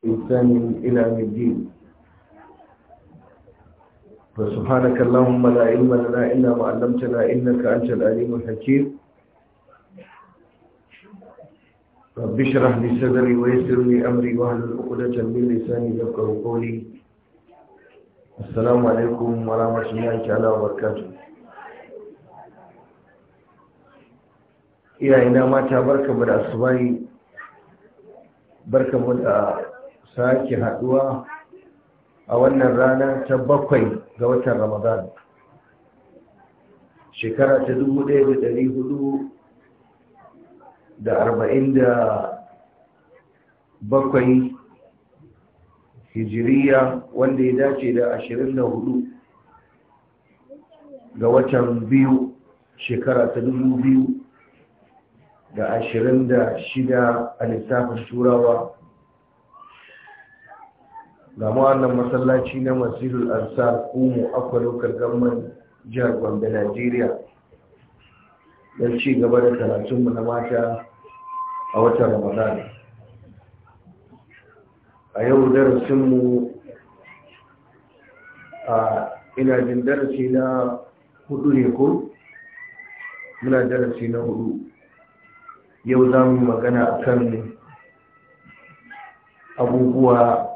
إنسان إلى الدين فسبحانك اللهم لا علم لنا إلا ما علمتنا إنك أنت العليم الحكيم رب اشرح لي صدري ويسر لي أمري وهل عقدة من لساني يفقهوا قولي السلام عليكم ورحمة الله تعالى وبركاته iyayena mata barka barkamu da barka mu da sake haduwa a wannan rana ta bakwai ga watan ramadan shekara ta dubu ɗaya da ɗari hudu da arba'in da bakwai hijiriya wanda ya dace da ashirin da hudu ga watan biyu shekara ta dubu biyu da ashirin da shida a lissafin turawa ga wannan masallaci na masjidul ansar umu akwai lokar jihar gombe najeriya don ci gaba da karatunmu na mata a watan ramadan a yau darasinmu a ina jin darasi na hudu ne ko muna darasi na hudu yau za mu magana akan abubuwa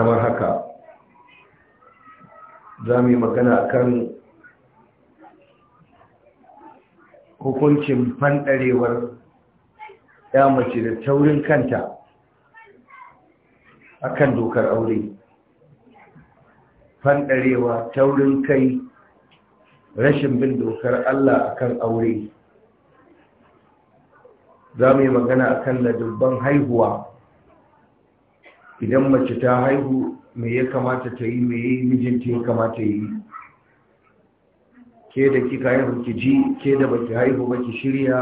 kamar haka za mu yi magana kan hukuncin fanɗarewar ya mace da taurin kanta akan dokar aure fanɗarewa taurin kai rashin bin dokar Allah akan aure za mu yi magana akan ladubban haihuwa idan mace ta haihu me ya kamata ta yi me yi mijinta ya kamata yi ke da kika haihu ki ji ke da baki haihu baki shirya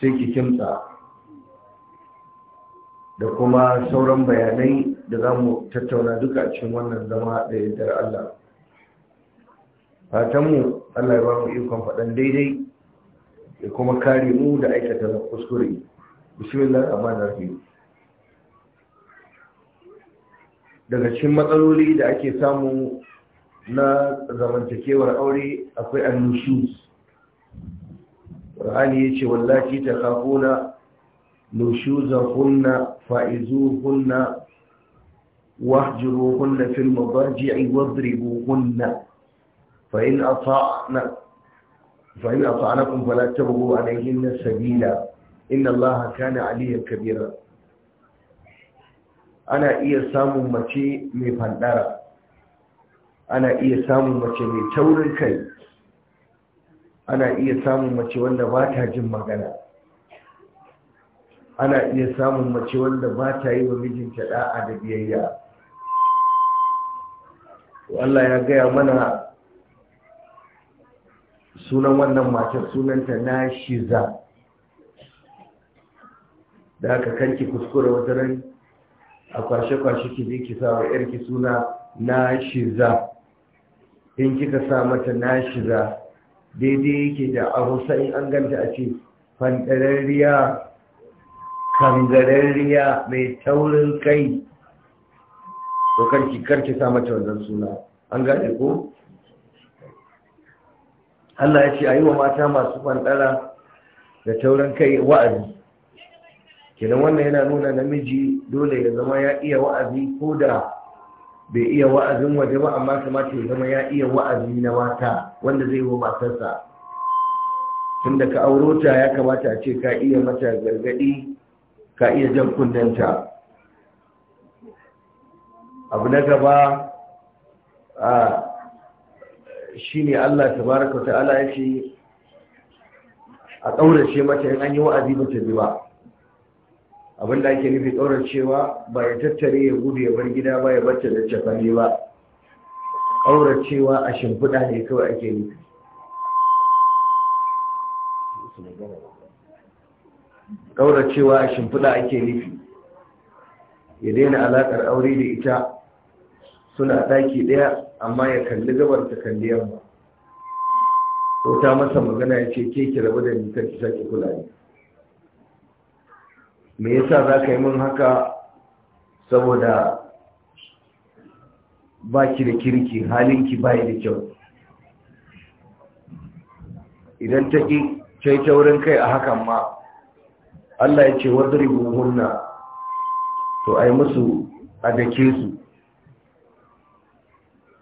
sai ki kimtsa da kuma sauran bayanai da za mu tattauna duka a cikin wannan zama da yardar Allah fatanmu Allah ya ba mu ikon faɗan daidai ya kuma kare mu da aikata kuskure bismillah rahmanir rahim daga cikin matsaloli da ake samu na zamantakewar aure akwai annushus Qur'ani yace wallahi ta kafuna nushuzahunna fa'izuhunna wahjuruhunna fil madaji'i wadribuhunna fa in ata'na fa in ata'nakum fala tabghu alayhinna sabila inna Allaha kana 'aliyan kabira ana iya samun mace mai fandara ana iya samun mace mai taurin kai ana iya samun mace wanda ba ta jin magana ana iya samun mace wanda ba ta yi wa mijinta da'a da biyayya Allah ya gaya mana sunan wannan matar sunanta na shiza da aka kanki kuskure wata rai a kwashe-kwashe ki je ki sa wa yarki suna na shiza in kika sa mata na shiza daidai yake da a rusa in an ganta a ce fantararriya kangararriya mai taurin kai to karki karki sa mata wannan suna an gane ko Allah ya ce a yi wa mata masu fantara da taurin kai wa'azi kenan wannan yana nuna namiji dole ya zama ya iya wa'azi ko da bai iya wa'azin waje ba amma kamata ya zama ya iya wa'azi na mata wanda zai yi wa matarsa tun da ka auro ta ya kamata a ce ka iya mata gargadi ka iya jan kundanta abu na gaba a shi ne allah ta ta'ala ya ce a ƙaurace mata in an yi wa'azi mace zuwa ba abin da ake nufi tsoron cewa ba ya tattare ya gudu ya bar gida ba ya bacce da cefane ba tsoron cewa a shimfiɗa ne kawai ake nufi tsoron cewa a shimfiɗa ake nufi ya daina alaƙar aure da ita suna ɗaki ɗaya amma ya kalli gabar ta kalli yamma ko ta masa magana ya ce ke ki rabu da ni kar ki sake kula ni me yasa za ka yi mun haka saboda ba ki da kirki halinki bayi da kyau idan ta ƙi ta wurin kai a hakan ma Allah ya ce wadari buhunna to ai musu a dake su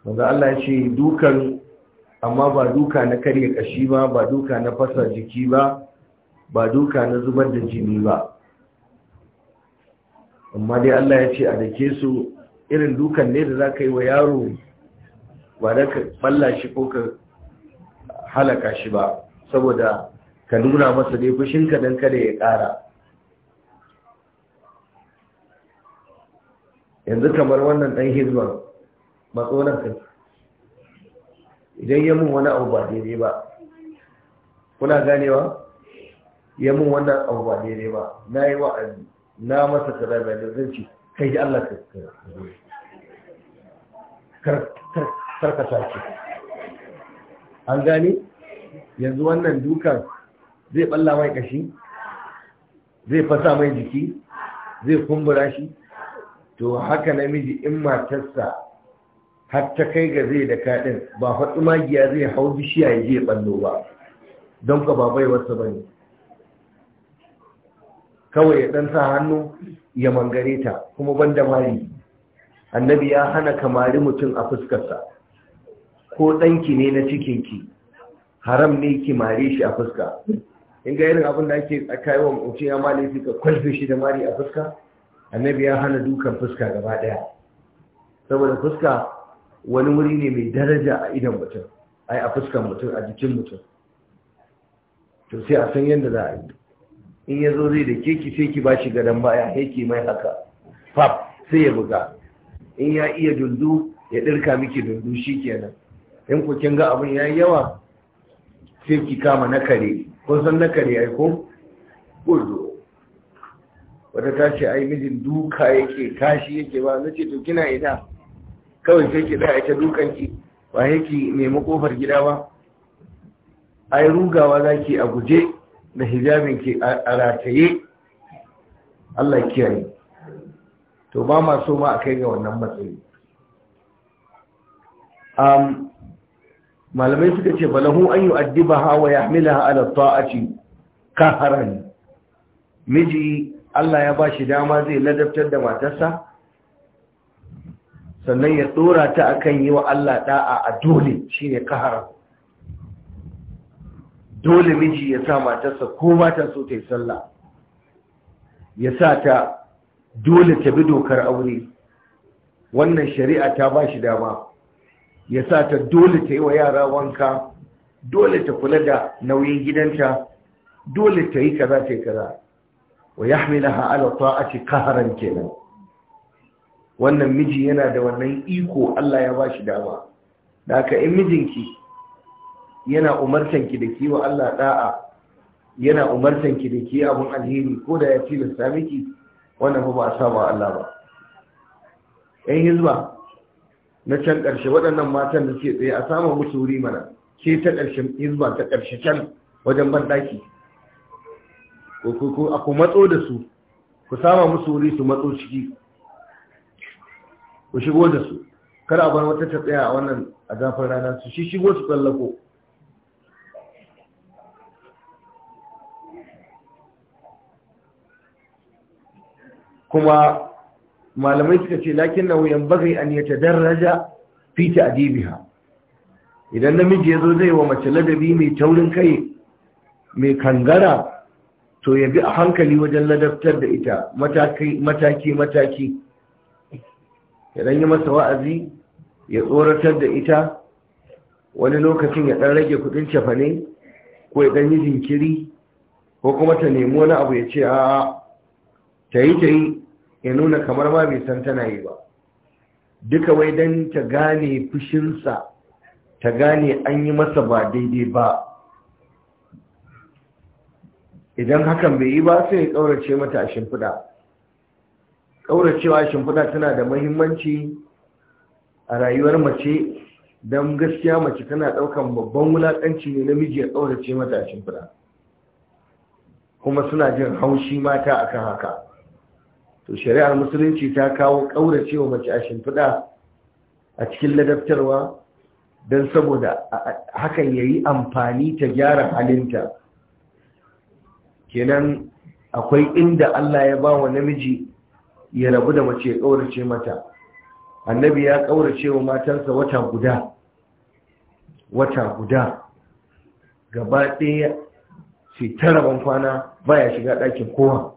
wanda Allah ya ce dukan amma ba duka na karya ƙashi ba ba duka na fasa jiki ba ba duka na zubar da jini ba amma dai Allah ya ce a dake su irin dukan ne da za ka yi wa yaro ba da ka balla shi ko ka halaka shi ba saboda ka nuna masa dai fushinka don kada ya ƙara yanzu kamar wannan ɗan hizman, matsonan ka idan ya mun wani abu ba daidai ba kuna ganewa ya mun wannan abu ba daidai ba na yi wa'azi na masa kaza mai da zai ce kai da Allah ka karkasa ce an gane yanzu wannan dukan zai balla mai kashi zai fasa mai jiki zai kumbura shi to haka namiji in matarsa har ta kai ga zai da kaɗin ba faɗi magiya zai hau bishiya ya je ballo ba don ka ba baiwarsa ba ne kawai ya ɗan sa hannu ya mangare ta kuma da mari annabi ya hana kamari mutum a fuskarsa ko ɗanki ne na cikinki haram ne ki mare shi a fuska in ga irin abin da ake wa mutum ya fi ka kwalfe shi da mari a fuska annabi ya hana dukan fuska gaba ɗaya saboda fuska wani wuri ne mai daraja a idan mutum ai a fuskan mutum a jikin mutum to sai a san yadda za a yi in ya zo zai da keki sai ki bashi gadon baya yake mai haka fab sai ya buga in ya iya dundu ya ɗirka miki dundu shi kenan in ku kin ga abin yayi yawa sai ki kama na kare kun san na kare ai ko wata ta ce ai mijin duka yake kashi yake ba na ce to kina ina kawai sai ki da ita dukan ki ba yake nemi kofar gida ba ai rugawa zaki a guje da hijabin ke a rataye Allah kiyaye to ba ma so ma a kai ga wannan matsayi malamai suka ce balahu an addiba ha wa yahmilaha ala ta'ati kaharan miji Allah ya ba shi dama zai ladabtar da matarsa sannan ya tsora ta akan yi wa Allah da'a a dole shine kaharan dole miji ya sa matarsa ko matan so ta yi sallah ya sa ta dole ta bi dokar aure wannan shari'a ta ba shi dama ya sa ta dole ta yi wa yara wanka dole ta kula da nauyin gidanta dole ta yi kaza ta yi kaza wa ya hamilaha a ce kaharan kenan wannan miji yana da wannan iko Allah ya ba shi dama da aka in mijinki yana umartan ki da kiwo Allah da'a yana umartan ki da ki abun alheri ko da ya da samiki wannan ba a saba Allah ba yan hizba na can ƙarshe waɗannan matan da suke tsaye a samu musu wuri mana ke ta ƙarshen hizba ta ƙarshe can wajen banɗaki ko ku matso da su ku sama musu wuri su matso ciki ku shigo da su kada a bar wata ta tsaya a wannan a zafin rana su shi shigo su tsallako kuma malamai suka ce lakin na wuyan bazai an ta daraja fi ta'dibiha idan namiji ya zo zai wa mace ladabi mai taurin kai mai kangara to ya bi a hankali wajen ladabtar da ita mataki mataki ya dan yi masa wa'azi ya tsoratar da ita wani lokacin ya ɗan rage kudin cefane ko ya dan yi jinkiri ko kuma ta nemi wani abu ya ce a ta yi ta yi ya nuna kamar ma bai san tana yi ba duka wai don ta gane fushinsa ta gane an yi masa ba daidai ba idan hakan bai yi ba sai ya ƙaurace mata a shimfiɗa ƙauracewa a shimfiɗa tana da mahimmanci a rayuwar mace don gaskiya mace tana ɗaukan babban wulaƙanci ne namiji ya ƙaurace mata a shimfiɗa kuma suna jin haushi mata akan haka to shari'ar musulunci ta kawo ƙauracewa wa mace a shimfiɗa a cikin ladabtarwa don saboda hakan ya yi amfani ta gyara halinta kenan akwai inda Allah ya ba wa namiji ya rabu da mace ya ƙaurace mata annabi ya ƙaurace wa matansa wata guda wata guda gaba ɗaya sai ta rabon kwana ya shiga ɗakin kowa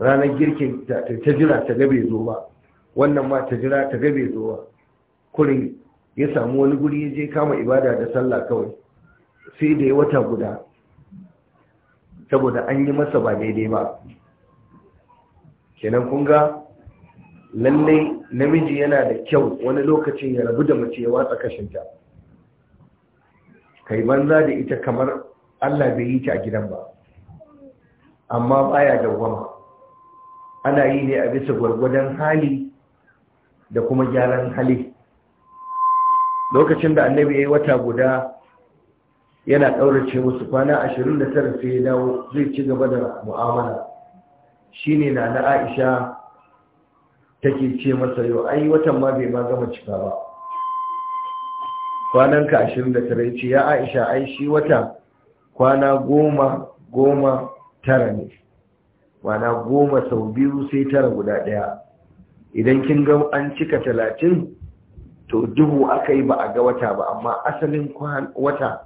ranar girkin ta jira ta gabe zo ba wannan ma ta jira ta gabe zo ba kurin ya samu wani guri ya je kama ibada da sallah kawai sai da ya wata guda saboda an yi masa ba daidai ba kenan kun ga lallai namiji yana da kyau wani lokacin ya rabu da mace ya watsa kashinta kai banza da ita kamar Allah bai yi ta a gidan ba amma baya dawwama ana yi ne a bisa gwargwadon hali da kuma gyaran hali lokacin da annabi ya yi wata guda yana ɗaurace musu kwana ashirin da tara sai ya dawo zai ci gaba da mu'amala shi ne na na aisha take ce masa yau ai watan ma bai ma gama cika ba kwananka ashirin da tara ya ce ya aisha ai shi wata kwana goma goma tara ne mana goma sau biyu sai tara guda ɗaya idan kin ga an cika talatin to duhu aka yi ba a ga wata ba amma asalin wata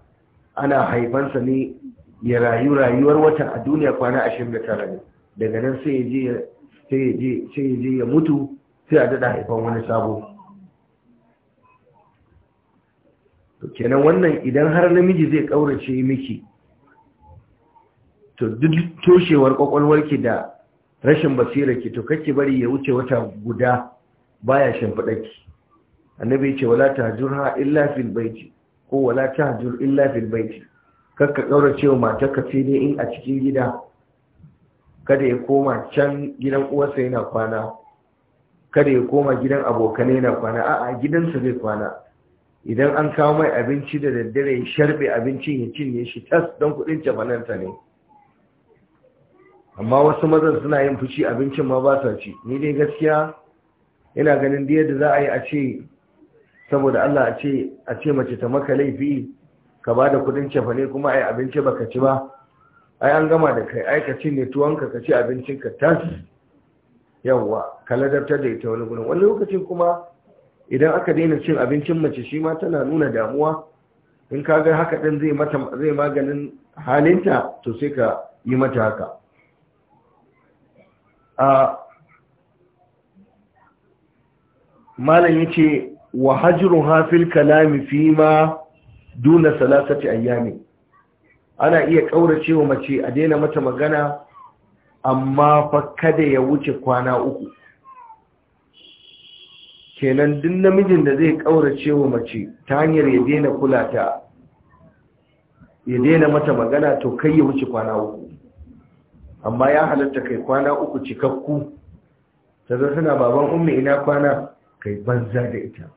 ana haifansa ne ya rayu rayuwar wata a duniya kwana ashirin da tara ne daga nan sai ya je ya mutu sai a daɗa haifan wani sabo kenan wannan idan har namiji zai ƙaurace miki to duk toshewar kwakwalwarki da rashin basirarki to kake bari ya wuce wata guda baya shimfiɗarki annabi ya ce wala tahjurha illa fil baiti ko wala tahjur illa fil baiti kakka kaurace wa matarka sai dai in a cikin gida kada ya koma can gidan uwarsa yana kwana kada ya koma gidan abokanai yana kwana a'a gidansa zai kwana idan an kawo mai abinci da daddare ya sharbe abincin ya cinye shi tas don kudin jamananta ne amma wasu mazan suna yin fushi abincin ma ba sa ci ni dai gaskiya ina ganin da yadda za a yi a ce saboda Allah a ce a ce mace ta maka laifi ka ba da kudin cefane kuma ai abinci baka ci ba ai an gama da kai ai ka ci ne tuwanka ka ci abincin ka tas yawwa ka ladabtar da ita wani gurin wani lokacin kuma idan aka daina cin abincin mace shi ma tana nuna damuwa in ka ga haka din zai maganin halinta to sai ka yi mata haka malam yace wa hajruha fil kalami ma duna salasati ayyami ana iya kauracewa mace a daina mata magana amma fa kada ya wuce kwana uku kenan duk namijin da zai kauracewa mace ta hanyar ya daina kula ta ya daina mata magana to kai ya wuce kwana uku amma ya halatta kai kwana uku cikakku ta zo suna baban ummi ina kwana kai banza da ita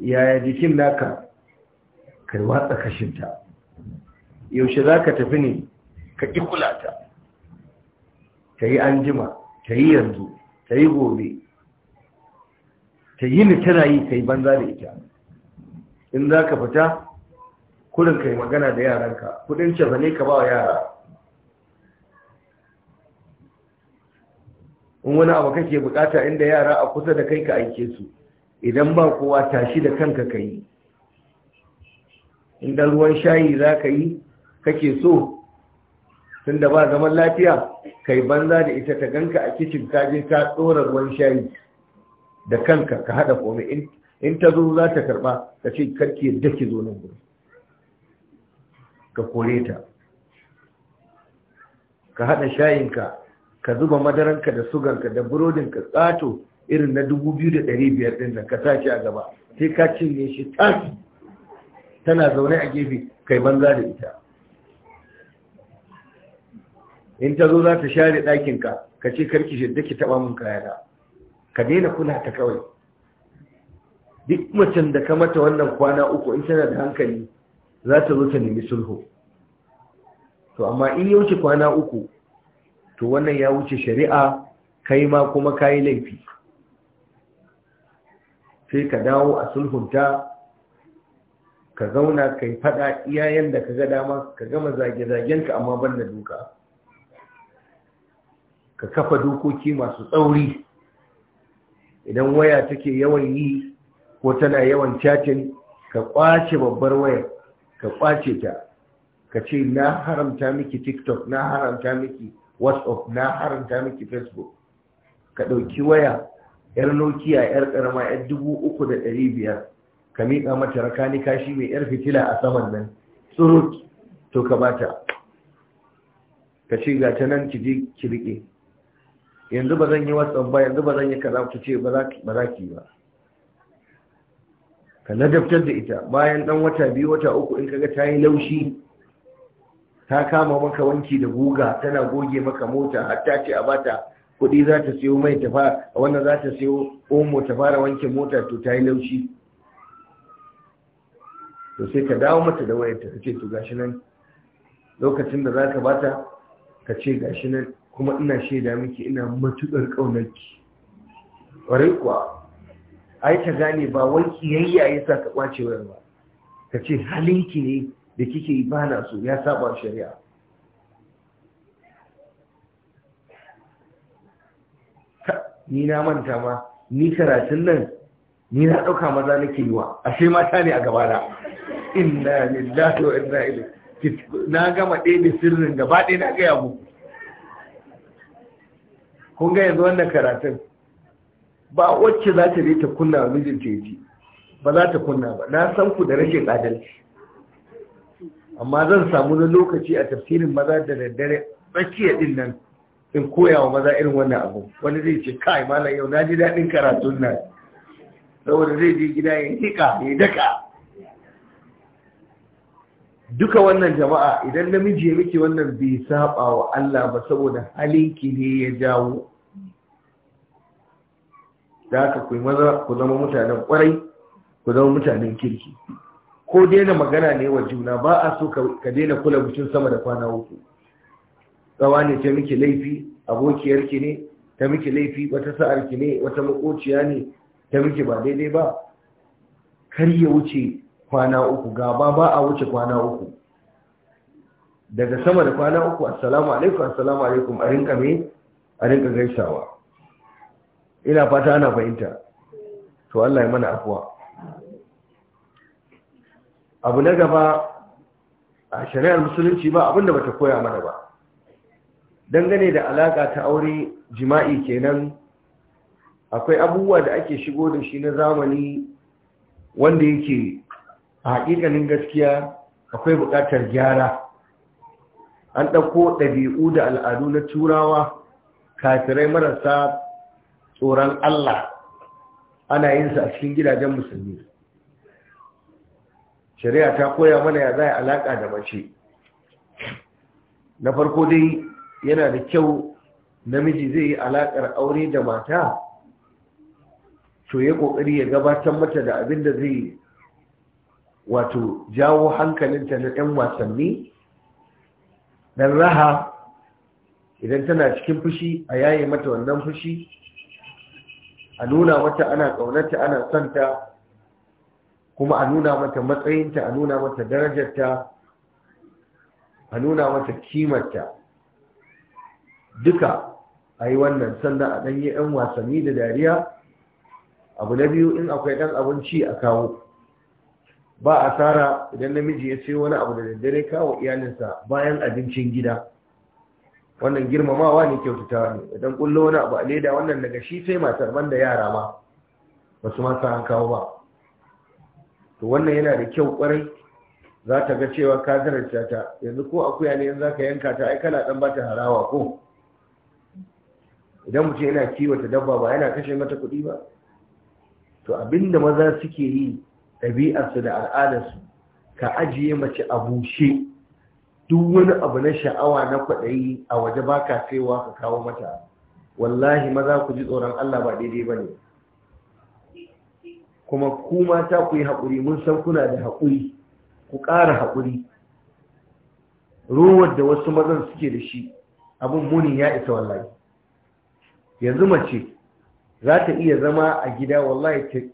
yaya jikin naka kai watsa kashinta yaushe za ka tafi ne ka ƙi kula ta yi an jima ta yi yanzu ta yi gobe ta yi ni tana yi kai banza da ita in za ka fita kurin ka magana da yaranka kudin cefa ne ka ba wa yara in wani abu kake bukata inda yara a kusa da kai ka aike su idan ba kowa tashi da kanka ka yi inda ruwan shayi za ka yi kake so tun da ba zaman lafiya kai banza da ita ta ganka a kicin kaje ta tsora ruwan shayi da kanka ka haɗa kome in ta zo za ta karɓa ka ce karki yadda ki zo nan gudu ka kore ta ka haɗa shayinka ka zuba madaranka da suganka da burodinka tsato irin na dubu biyu da ɗin ka tashi a gaba sai ka cinye shi tashi tana zaune a gefe kai banza da ita in ta zo za ta share ɗakinka ka ce karki shidda ki taɓa mun kayana ka daina kula ta kawai duk mutum da ka mata wannan kwana uku in tana da hankali za ta zo ta nemi sulhu to amma in ya wuce kwana uku to wannan ya wuce shari'a kai ma kuma kayi laifi sai ka dawo a sulhunta ka zauna kai fada iyayen da ka ga dama ka gama zage-zagenka amma ban da duka ka kafa dokoki masu tsauri idan waya take yawan yi ko tana yawan chatin ka kwace babbar waya, ka kwace ta ka ce na haramta miki tiktok na haramta miki whatsapp na haranta miki facebook ka ɗauki waya yar nokia yar ƙarama yar dubu uku da ɗari biyar ka miƙa mata rakani kashi mai yar fitila a saman nan tsurut to ka bata ka ce ga ta nan ki je ki riƙe yanzu ba zan yi whatsapp ba yanzu ba zan yi kaza ku ce ba za ki ba ka ladabtar da ita bayan ɗan wata biyu wata uku in kaga ta yi laushi ta kama maka wanki da guga tana goge maka mota har ta ce a bata kuɗi za ta siyo mai ta a wannan za ta siyo omo ta fara wanke mota to ta yi laushi to sai ka dawo mata da wayarta ka ce to gashi nan lokacin da za ka bata ka ce gashi nan kuma ina shaida miki ina matuƙar ƙaunarki ƙwarai kuwa ai ta gane ba wanki yayi ya sa ka kwace wayar ba ka ce halinki ne da kike yi su ya saba shari'a ni na manta ma ni karatun nan ni na ɗauka maza nake yiwa. ashe mata ne a gaba da? inna lillahi wa inna ilaihi na gama ɗaya sirrin gaba ɗaya na gaya muku kun ga yanzu wannan karatun ba wacce za ta ta kunna wa mijinta ya ba za ta kunna ba na san ku da rashin adalci amma zan samu na lokaci a tafsirin maza da daddare tsakiya din nan in koya wa maza irin wannan abu wani zai ce kai malam yau na ji daɗin karatun nan saboda zai je gida ya hika ya daka duka wannan jama'a idan namiji ya miki wannan bai saba wa Allah ba saboda halinki ne ya jawo da haka ku ku zama mutanen kwarai ku zama mutanen kirki ko daina magana ne wa juna ba a so ka daina kula mutum sama da kwana uku tsawa ne ta miki laifi abokiyar ki ne ta miki laifi wata sa'ar ki ne wata makociya ne ta miki ba daidai ba kar ya wuce kwana uku gaba ba a wuce kwana uku daga sama da kwana uku assalamu alaikum assalamu alaikum a rinka me a rinka gaisawa ina fata ana fahimta to Allah ya mana afuwa abu na gaba a shari'ar musulunci ba abinda bata koya mana ba dangane da alaƙa ta aure jima'i kenan akwai abubuwa da ake shigo da shi na zamani wanda yake a haƙiƙanin gaskiya akwai buƙatar gyara an ɗauko ɗabi'u da al'adu na turawa kafirai marasa tsoron Allah ana yin su a cikin gidajen musulmi shari'a ta koya mana ya za a alaƙa da mace na farko dai yana da kyau namiji zai yi alaƙar aure da mata to ya ƙoƙari ya gabatar mata da abin da zai wato jawo hankalinta na 'yan wasanni dan raha idan tana cikin fushi a yaye mata wannan fushi a nuna mata ana ƙaunarta ana santa kuma a nuna mata matsayinta a nuna mata darajarta a nuna mata kimarta duka a yi wannan sannan a ɗanyi 'yan wasanni da dariya abu na biyu in akwai ɗan abinci a kawo ba asara idan namiji ya sayo wani abu da daddare kawo iyalinsa bayan abincin gida wannan girmamawa ne kyautatawa ne idan kullo wani abu a leda wannan daga shi sai matar banda yara ma ba su ma an kawo ba to wannan yana da kyau kwarai za ta ga cewa ka zarafta ta yanzu ko akuya ne yanzu za ka yanka ta ai kana dan bata harawa ko idan mutum yana kiwata dabba ba yana kashe mata kuɗi ba to abinda maza suke yi ɗabi'arsu da al'adarsu ka ajiye mace a bushe duk wani abu na sha'awa na kwaɗayi a waje baka ka saiwa ka kawo mata wallahi maza ku ji tsoron Allah ba daidai ba ne kuma ku ta ku yi haƙuri mun san kuna da haƙuri ku ƙara haƙuri rowar da wasu mazan suke da shi abin muni ya isa wallahi yanzu mace za ta iya zama a gida wallahi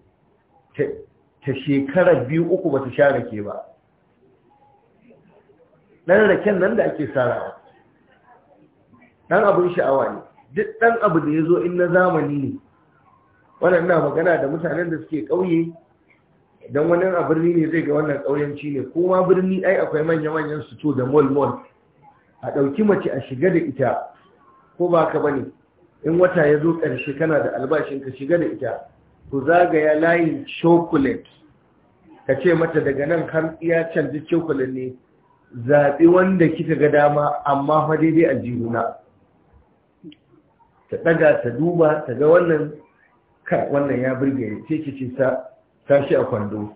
ta shekara biyu uku ba ta sha rake ba ɗan raken nan da ake sarawa ɗan abin sha'awa ne duk ɗan abu da ya zo in na zamani ne wannan na magana da mutanen da suke ƙauye don wani a birni ne zai ga wannan ƙauyenci ne kuma birni ai akwai manya-manyan suto da mall-mall a ɗauki mace a shiga da ita ko ba ka bane in wata ya zo ƙarshe kana da albashin ka shiga da ita ku zagaya layin chocolate ka ce mata daga nan har iya canji cokulet ne zaɓi wanda kika ga dama amma fa daidai a jihuna ta ɗaga ta duba ta ga wannan ka wannan ya burge ni ce ce ta tashi a kwando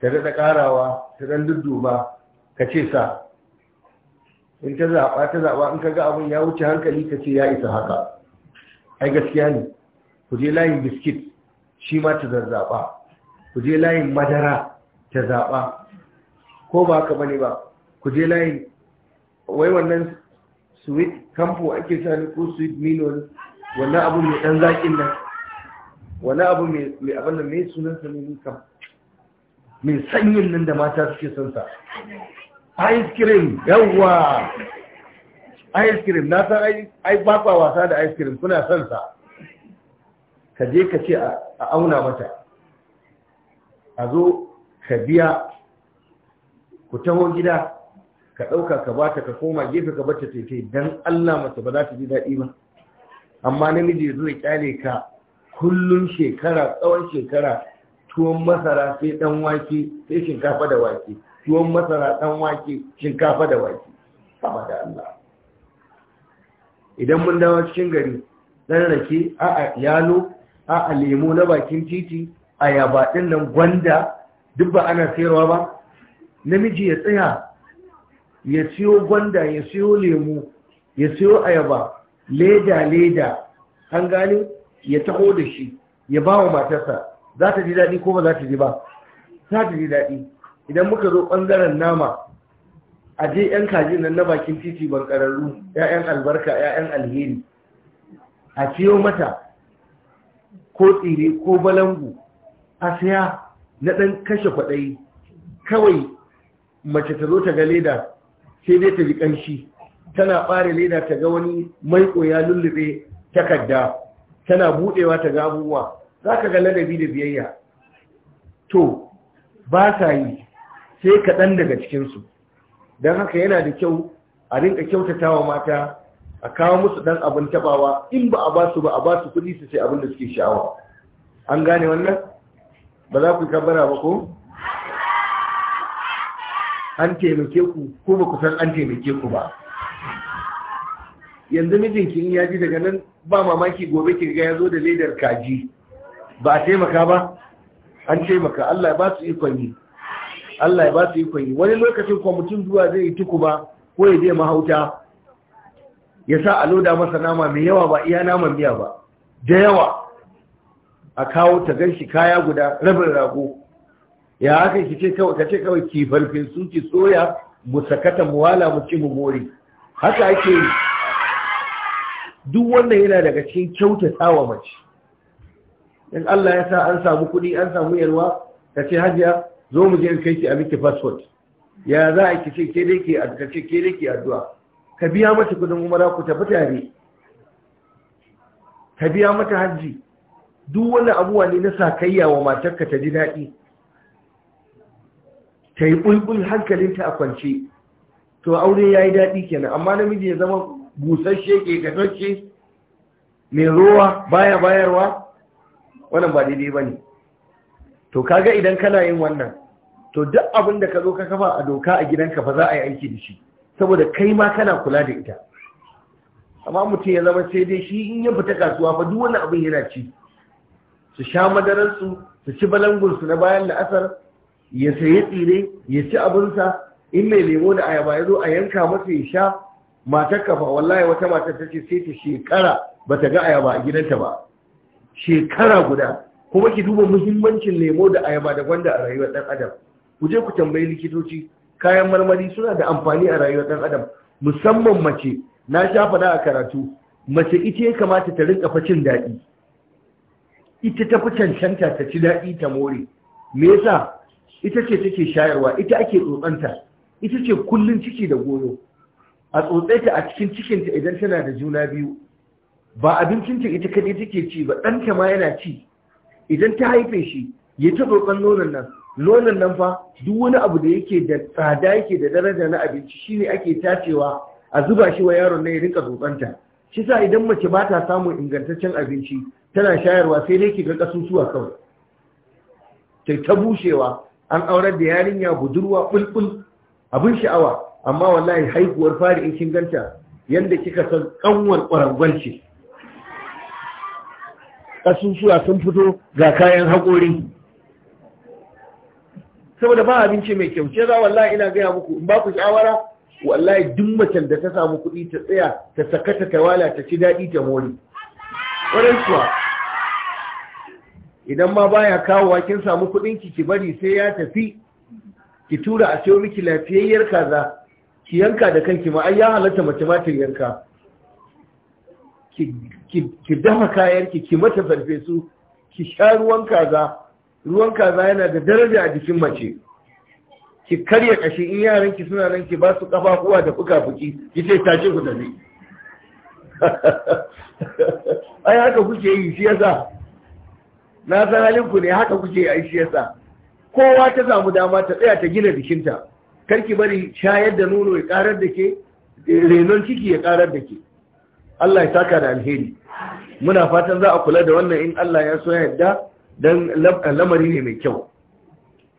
ta daɗa ƙarawa ta ɗan dudduba ka ce sa in ta zaɓa ta zaɓa in ka ga abin ya wuce hankali ka ce ya isa haka ai gaskiya ne ku je layin biskit shi ma ta zazzaɓa ku je layin madara ta zaɓa ko ba ka bane ba ku je layin wai wannan sweet kamfo ake sani ko sweet milo wannan abu mai ɗan zaƙin nan wani abu mai abinda mai sunan sa ne kam mai sanyin nan da mata suke son sa ice cream yawwa ice cream na san ai ba wasa da ice cream kuna son sa ka je ka ce a auna mata a zo ka biya ku taho gida ka ɗauka ka bata ka koma gefe ka bata taitai don Allah mata ba za ta ji daɗi ba amma namiji zai kyale ka kullum shekara tsawon shekara tuwon masara sai dan wake sai shinkafa da wake tuwon masara dan wake shinkafa da wake sama Allah idan mun dawo cikin gari dan rake a yalo a lemo na bakin titi a din nan gwanda duk ba ana sayarwa ba namiji ya tsaya ya siyo gwanda ya siyo lemu ya siyo ayaba leda leda an gani ya taho da shi ya ba wa matarsa za ta ji daɗi ko ba za ta ji ba za ta ji daɗi idan muka zo ɓangaren nama a je 'yan kaji nan na bakin titi bankararru 'ya'yan albarka 'ya'yan alheri a ciyo mata ko tsire ko balangu a saya na ɗan kashe kwaɗayi kawai mace ta zo ta ga leda sai dai ta ji ƙanshi tana ɓare leda ta ga wani maiko ya lullube takarda tana budewa ta gabuwa, abubuwa za ka ga ladabi da biyayya to ba sa yi sai kaɗan daga cikinsu don haka yana da kyau a rinka kyautata wa mata a kawo musu ɗan abin tabawa in ba a ba su ba a ba su kuɗi su sai abin da suke sha'awa an gane wannan ba za ku kabbara ba ko an taimake ku ko ba ku san an taimake ku ba yanzu mijinki in ya ji daga nan ba mamaki gobe ki ga yazo da ledar kaji ba a taimaka ba an taimaka Allah ya ba su ikon yi Allah ya ba su ikon yi wani lokacin kuma mutum zuwa zai yi ba ko ya je mahauta ya sa a loda masa nama mai yawa ba iya naman miya ba da yawa a kawo ta ganshi kaya guda rabin rago ya haka ki ce kawai ka ce kawai ki farfin ki soya mu sakata mu wala mu ci mu more haka ake yi duk wannan yana daga cikin kyauta tsawa mace in Allah ya sa an samu kuɗi an samu yalwa ka ce hajiya zo mu je in kai ki a miki passport ya za a kice ke dai ke a ce ke dai ke addu'a ka biya mata kuɗin umara ku tafi tare ka biya mata hajji duk wani abuwa ne na sakayya wa matarka ta ji daɗi ta yi ɓulɓul hankalinta a kwance to aure ya yi daɗi kenan amma namiji ya zama busasshe ke katacce mai ruwa baya bayarwa wannan ba daidai ba ne to kaga idan kana yin wannan to duk abin da ka zo ka kafa a doka a gidanka ba za a yi aiki da shi saboda kai ma kana kula da ita amma mutum ya zama sai dai shi in ya fita kasuwa fa duk wani abin yana ci su sha madararsu su ci balangunsu na bayan la'asar ya sayi tsire ya ci abinsa in mai lemo da ayaba ya zo a yanka masa ya sha matar kafa wallahi wata matar ta ce sai ta shekara ba ta ga ayaba a gidanta ba shekara guda kuma ki duba muhimmancin lemo da ayaba da gwanda a rayuwar ɗan adam ku je ku tambayi likitoci kayan marmari suna da amfani a rayuwar ɗan adam musamman mace na sha faɗa a karatu mace ita ya kamata ta rinka facin daɗi ita ta fi cancanta ta ci daɗi ta more me yasa ita ce take shayarwa ita ake tsotsanta ita ce kullun ciki da goyo a tsotse ta a cikin cikinta idan tana da juna biyu ba abincinta ita kadai take ci ba ɗanta ma yana ci idan ta haife shi ya ta roƙon nonon nan nonon nan fa duk wani abu da yake da tsada yake da daraja na abinci shine ake tacewa a zuba shi wa yaron nan ya rinka roƙonta shi sa idan mace ba ta samun ingantaccen abinci tana shayarwa sai dai ki ga kasusuwa kawai ta ta bushewa an aurar da yarinya budurwa bulbul abin sha'awa amma wallahi haihuwar fari in kin ganta yadda kika san kanwar kwarangwal ce Ƙasusuwa sun fito ga kayan haƙori saboda ba abinci mai kyau ce za wallahi ina gaya muku in ba ku shawara wallahi duk macen da ta samu kuɗi ta tsaya ta sakata ta wala ta ci daɗi ta mori ƙwarar idan ma baya kawo kin samu kuɗinki ki bari sai ya tafi ki tura a siyo miki lafiyayyar kaza ki yanka da kanki ma ai ya halatta mace ma ta yanka ki dafa kayanki ki mata farfesu ki sha ruwan kaza ruwan kaza yana da daraja a jikin mace ki karya kashi in yaranki suna nan ki ba su kuwa da fuka-fuki ki ce tashi ku ai haka kuke yi shi yasa na san halin ku ne haka kuke yi shi yasa kowa ta samu dama ta tsaya ta gina jikinta karki bari shayar da nono ya karar da ke renon ciki ya karar da ke Allah ya saka da alheri muna fatan za a kula da wannan in Allah ya so yadda don lamari ne mai kyau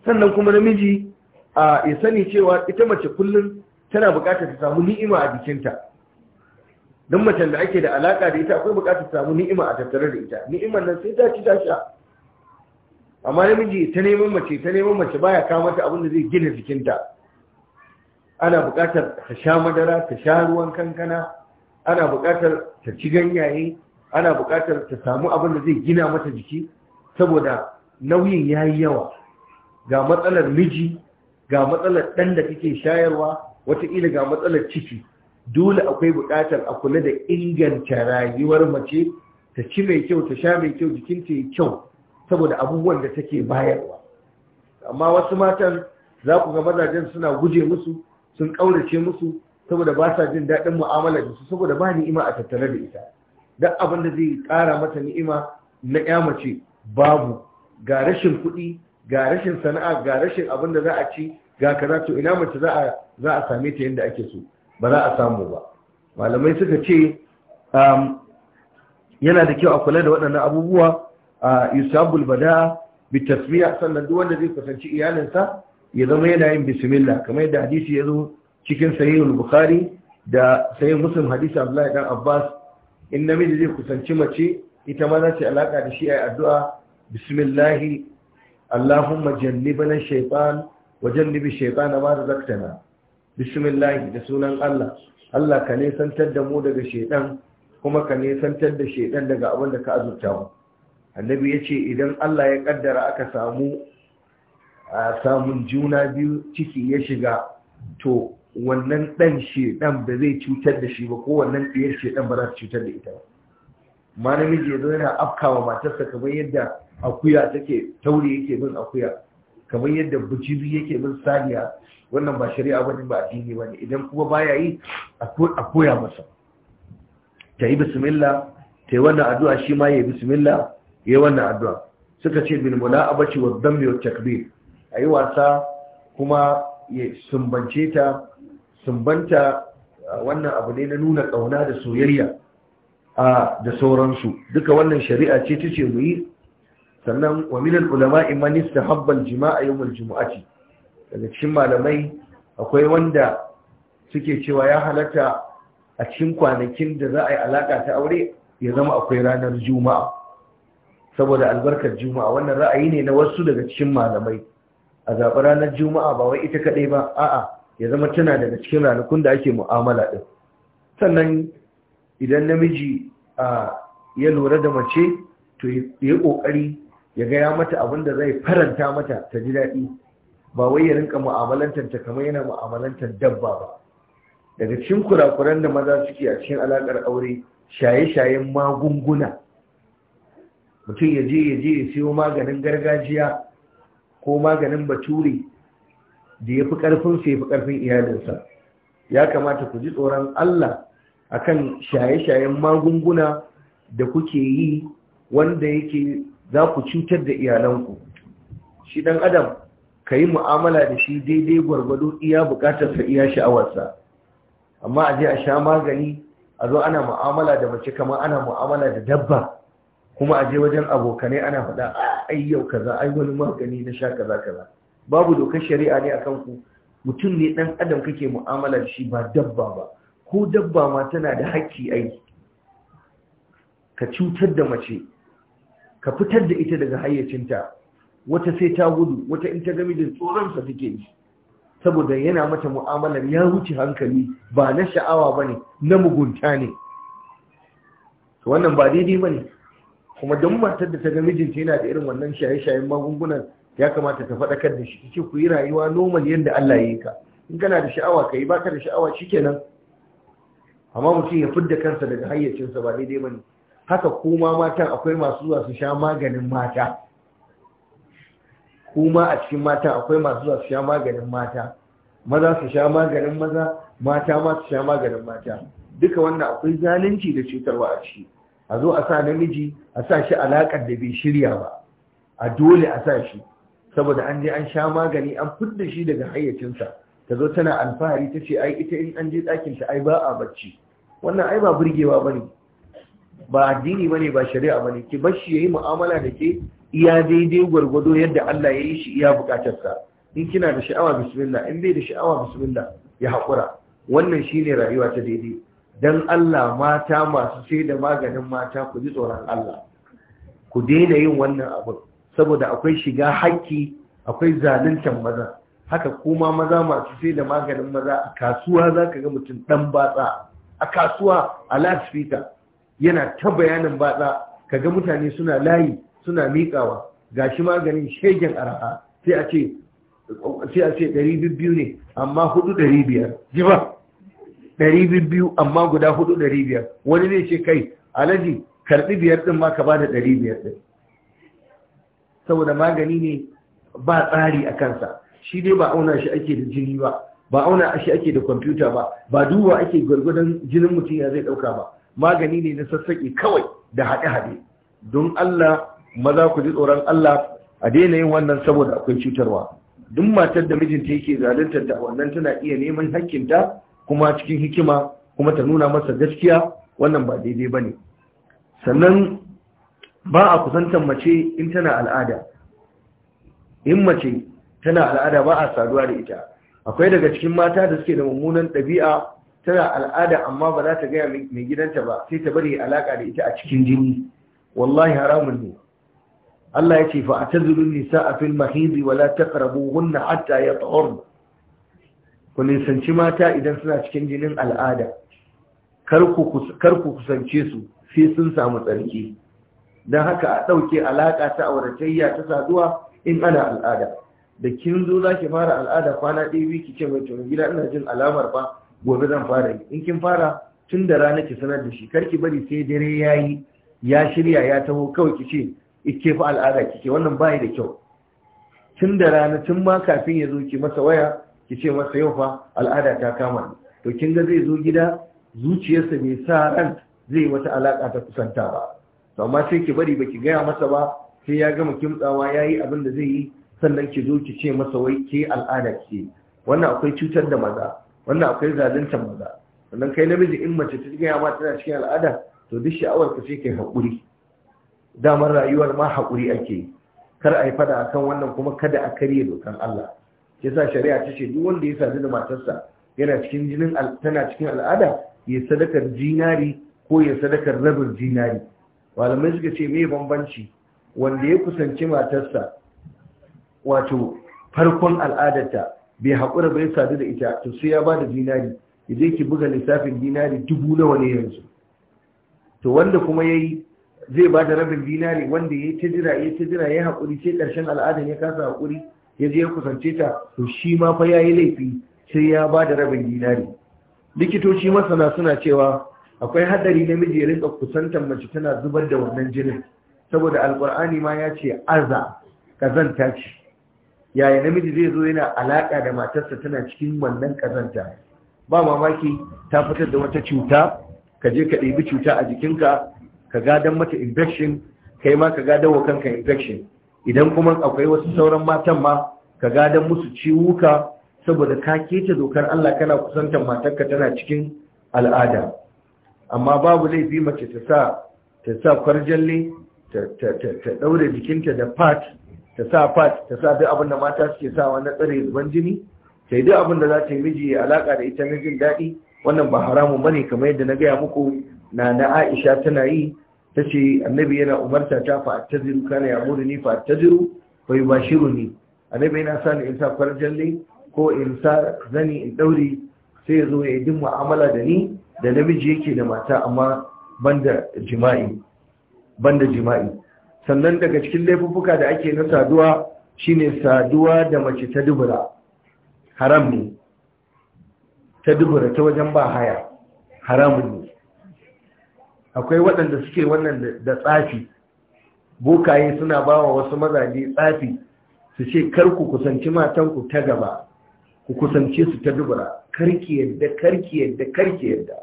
sannan kuma namiji a ya sani cewa ita mace kullum tana bukatar ta samu ni'ima a jikinta don macen da ake da alaka da ita akwai bukatar ta samu ni'ima a tattare da ita ni'imar nan sai ta ci ta sha amma namiji ta neman mace ta neman mace baya kawo mata abin da zai gina jikinta ana buƙatar ta sha madara ta sha ruwan kankana ana buƙatar ta ci ganyaye ana buƙatar ta samu abin da zai gina mata jiki saboda nauyin ya yi yawa ga matsalar miji ga matsalar ɗan da kake shayarwa wataƙila ga matsalar ciki dole akwai buƙatar a kula da inganta rayuwar mace ta ci mai kyau ta sha mai kyau jikinta yi kyau saboda abubuwan da take bayarwa amma wasu matan za ku ga mazajen suna guje musu sun ƙaurace musu saboda ba sa jin daɗin mu'amala da su saboda ba ni'ima a tattare da ita duk abin da zai ƙara mata ni'ima na ya mace babu ga rashin kuɗi ga rashin sana'a ga rashin abin da za a ci ga kaza to ina mace za a za a same ta yadda ake so ba za a samu ba malamai suka ce um, yana da kyau a kula da waɗannan abubuwa a uh, yusabul bada bi tasmiya sannan duk wanda zai kusanci iyalinsa ya zama yana yin bismillah kamar yadda hadisi ya zo cikin sahihul bukhari da sahih muslim hadisi abdullahi dan abbas in namiji zai kusanci mace ita ma za ta alaka da shi a addu'a bismillahi allahumma jannibna shaytan wa jannibi shaytana ma razaqtana bismillahi da sunan Allah Allah ka nesantar da mu daga shaytan kuma ka nesantar da shaytan daga abin da ka azurta mu annabi yace idan Allah ya kaddara aka samu A samun juna biyu ciki ya shiga to wannan ɗan shedan ba zai cutar da shi ba ko wannan ɗiyar shedan ba za su cutar da ita ba ma namiji ya yana afkawa matarsa kamar yadda akuya take taure yake bin akuya kamar yadda bujiri yake bin saniya wannan ba shari'a ba ba addini ba ne idan kuma baya yi a koya masa ta yi bismillah ta yi wannan addu'a shi ma ya yi bismillah ya yi wannan addu'a suka ce bin mula abaci wa zambe wa takbir a yi wasa kuma ya sumbance ta sumbanta wannan abu ne na nuna ƙauna da soyayya a da sauransu duka wannan shari'a ce ta ce mu sannan wa minal ulama man istahabba al-jima'a yawm al-jumu'ati daga cikin malamai akwai wanda suke cewa ya halatta a cikin kwanakin da za a yi alaka ta aure ya zama akwai ranar juma'a saboda albarkar juma'a wannan ra'ayi ne na wasu daga cikin malamai a zaɓi ranar juma'a ba wai ita kaɗai ba a'a ya zama tana daga cikin ranakun da ake mu'amala ɗin sannan idan namiji a ya lura da mace to ya ƙoƙari ya gaya mata abin da zai faranta mata ta ji daɗi ba wai ya rinka mu'amalantar ta kamar yana mu'amalantar dabba ba daga cikin kurakuran da maza suke a cikin alaƙar aure shaye-shayen magunguna mutum ya je ya je ya siyo maganin gargajiya ko maganin bature da ya fi ƙarfin su ya fi ƙarfin iyalinsa ya kamata ku ji tsoron Allah a kan shaye-shayen magunguna da kuke yi wanda yake za ku cutar da iyalanku shi dan adam ka yi mu'amala da shi daidai gwargwado iya sa iya sha'awarsa amma a je a sha magani a zo ana mu'amala da mace kamar ana mu'amala da dabba kuma a je wajen abokanai ana faɗa a ah, ai yau kaza ai wani magani na sha kaza kaza babu dokar shari'a ne akan ku mutum ne dan adam kake mu'amala da shi ba dabba ba ko dabba ma tana da haƙƙi ai ka cutar da mace ka fitar da ita daga hayyacinta wata sai ta gudu wata in ta ga mijin tsoron sa take yi saboda yana mata mu'amalar ya wuce hankali ba na sha'awa bane na mugunta ne wannan ba daidai bane kuma don matar da ta ga mijinta yana da irin wannan shaye-shayen magungunan ya kamata ta faɗakar da shi ce ku yi rayuwa normal yadda Allah ya yi ka in kana da sha'awa ka yi baka da sha'awa nan. amma mutum ya fidda kansa daga hayyacinsa ba daidai ne haka kuma matan akwai masu zuwa su sha maganin mata kuma a cikin mata akwai masu zuwa su sha maganin mata maza su sha maganin maza mata ma su sha maganin mata duka wannan akwai zalunci da cutarwa a ciki a zo a sa namiji a sa shi alaƙar da bai shirya ba a dole a sa shi saboda an je an sha magani an fidda shi daga hayyacinsa ta zo tana alfahari ta ce ai ita in an je ɗakin ta ai ba a bacci wannan ai ba burgewa ba ne. ba addini bane ba shari'a ba ne. ki bar shi yi mu'amala da ke iya daidai gwargwado yadda Allah ya yi shi iya bukatarsa in kina da sha'awa bismillah in bai da sha'awa bismillah ya haƙura wannan shine rayuwa ta daidai don Allah mata masu sai da maganin mata ku ji tsoron Allah ku daina yin wannan abun. saboda akwai shiga haƙƙi akwai zaluntar maza haka kuma maza masu sai da maganin maza a kasuwa za ka ga mutum ɗan batsa a kasuwa a lasfita yana ta bayanin batsa ka ga mutane suna layi suna miƙawa ga shi maganin shegen araha sai a ce ɗari biyu ne amma hudu ɗari biyar ji ba biyu amma guda hudu biyar. wani zai ce kai alaji karbi biyar din ma ka bada biyar din saboda magani ne ba tsari a kansa shi dai ba auna shi ake da jini ba ba auna shi ake da kwamfuta ba ba duba ake gwargwadon jinin mutum ya zai ɗauka ba magani ne na sassaƙi kawai da haɗe-haɗe don Allah maza ku ji tsoron Allah a daina yin wannan saboda akwai cutarwa duk matar da mijinta yake zaluntar da wannan tana iya neman hakkinta kuma cikin hikima kuma ta nuna masa gaskiya wannan ba daidai ba ne sannan ba a kusantar mace in tana al'ada in mace tana al'ada ba a saduwa da ita akwai daga cikin mata da suke da mummunan ɗabi'a tana al'ada amma ba za ta gaya mai gidanta ba sai ta bari alaka da ita a cikin jini wallahi haramun ne Allah ya ce fa atazilun nisaa fil wala ta la hunna hatta yatahurna ku nisanci mata idan suna cikin jinin al'ada kar ku kusance su sai sun samu tsarki don haka a ɗauke alaƙa ta auratayya ta saduwa in ana al'ada da kin zo za ki fara al'ada kwana ɗaya ki ce mai tunan gida ina jin alamar ba gobe zan fara yi in kin fara tun da rana ki sanar da shi kar ki bari sai dare ya yi ya shirya ya taho kawai ki ce ike fa al'ada kike wannan bayi da kyau tun da rana tun ma kafin ya zo ki masa waya ki ce masa yau fa al'ada ta kama to kin ga zai zo gida zuciyarsa bai sa ran zai wata alaka ta kusanta ba to amma sai ki bari baki gaya masa ba sai ya gama kimtsawa yayi abin da zai yi sannan ki zo ki ce masa wai ke al'ada ce wannan akwai cutar da maza wannan akwai zalunta maza sannan kai namiji in mace ta gaya ma tana cikin al'ada to duk sha'awar ka sai kai haƙuri damar rayuwar ma haƙuri ake kar a yi fada akan wannan kuma kada a karye dokan Allah yasa shari'a ta ce duk wanda ya sadu da matarsa yana cikin jinin tana cikin al'ada ya sadakar jinari ko ya sadakar rabin jinari malamai suka ce mai bambanci wanda ya kusanci matarsa wato farkon al'adarta bai haƙura bai sadu da ita to sai ya ba da jinari ya je ki buga lissafin jinari dubu nawa ne yanzu to wanda kuma ya yi zai ba da rabin jinari wanda ya yi ta jira ya ta jira ya haƙuri sai ƙarshen al'adar ya kasa haƙuri ya je ya kusance ta to shi ma fa yayi laifi sai ya ba da rabin dinari likitoci masana suna cewa akwai hadari namiji ya rinka kusantar mace tana zubar da wannan jinin saboda alkur'ani ma ya ce arza kazanta ce yaya namiji zai zo yana alaka da matarsa tana cikin wannan kazanta ba mamaki ta fitar da wata cuta ka je ka ɗebi cuta a jikinka ka gadon mata infection kai ma ka gadon wa kanka infection idan kuma akwai wasu sauran matan ma ka gadan musu ciwuka saboda ka kece dokar Allah kana kusantar matarka tana cikin al'ada amma babu laifi mace ta sa ta sa kwarjalle ta daure jikinta da fat ta sa fat ta sa duk abin da mata suke wa na tsare zuban jini sai duk abin da za ta yi miji ya alaka da ita na jin daɗi wannan ba haramun bane kamar yadda na gaya muku na na Aisha tana yi ta ce annabi yana umarta ta fa taziru kana ya muri ni fa taziru fa yubashiru ni annabi yana sa ni in sa farjalle ko in sa zani in daure sai ya zo ya yi mu'amala da ni da namiji yake da mata amma banda jima'i jima'i sannan daga cikin laifuffuka da ake na saduwa shine saduwa da mace ta dubura haram ne ta dubura ta wajen ba haya haramun ne akwai waɗanda suke wannan da tsafi bokaye suna ba wa wasu mazaje tsafi su ce kar ku kusanci matanku ta gaba ku kusance su ta dubura karki yadda karki yadda karki yadda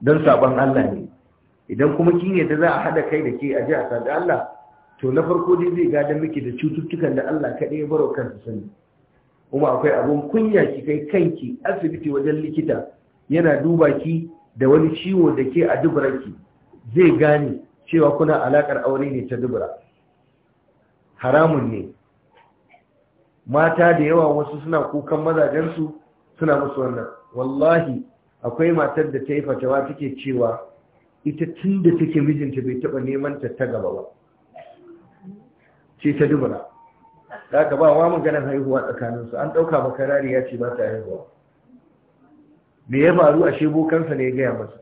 don sabon Allah ne idan kuma kin yadda za a haɗa kai da ke a ji a sadu Allah to na farko dai zai gadon miki da cututtukan da Allah kaɗai ya baro kansu sani kuma akwai abun kunya ki kai kanki asibiti wajen likita yana duba ki da wani ciwo da ke a dubaranki zai gane cewa kuna alakar aure ne ta dubura haramun ne mata da yawa wasu suna kukan mazajensu suna musu wannan wallahi akwai matar da ta yi fatawa take cewa ita tun da take mijinta bai taba neman ta ta gaba ba ce ta dubura za ka ba wa maganar haihuwa tsakaninsu an ɗauka ya ce ba ta haihuwa me ya faru ashe bokansa ne ya gaya masa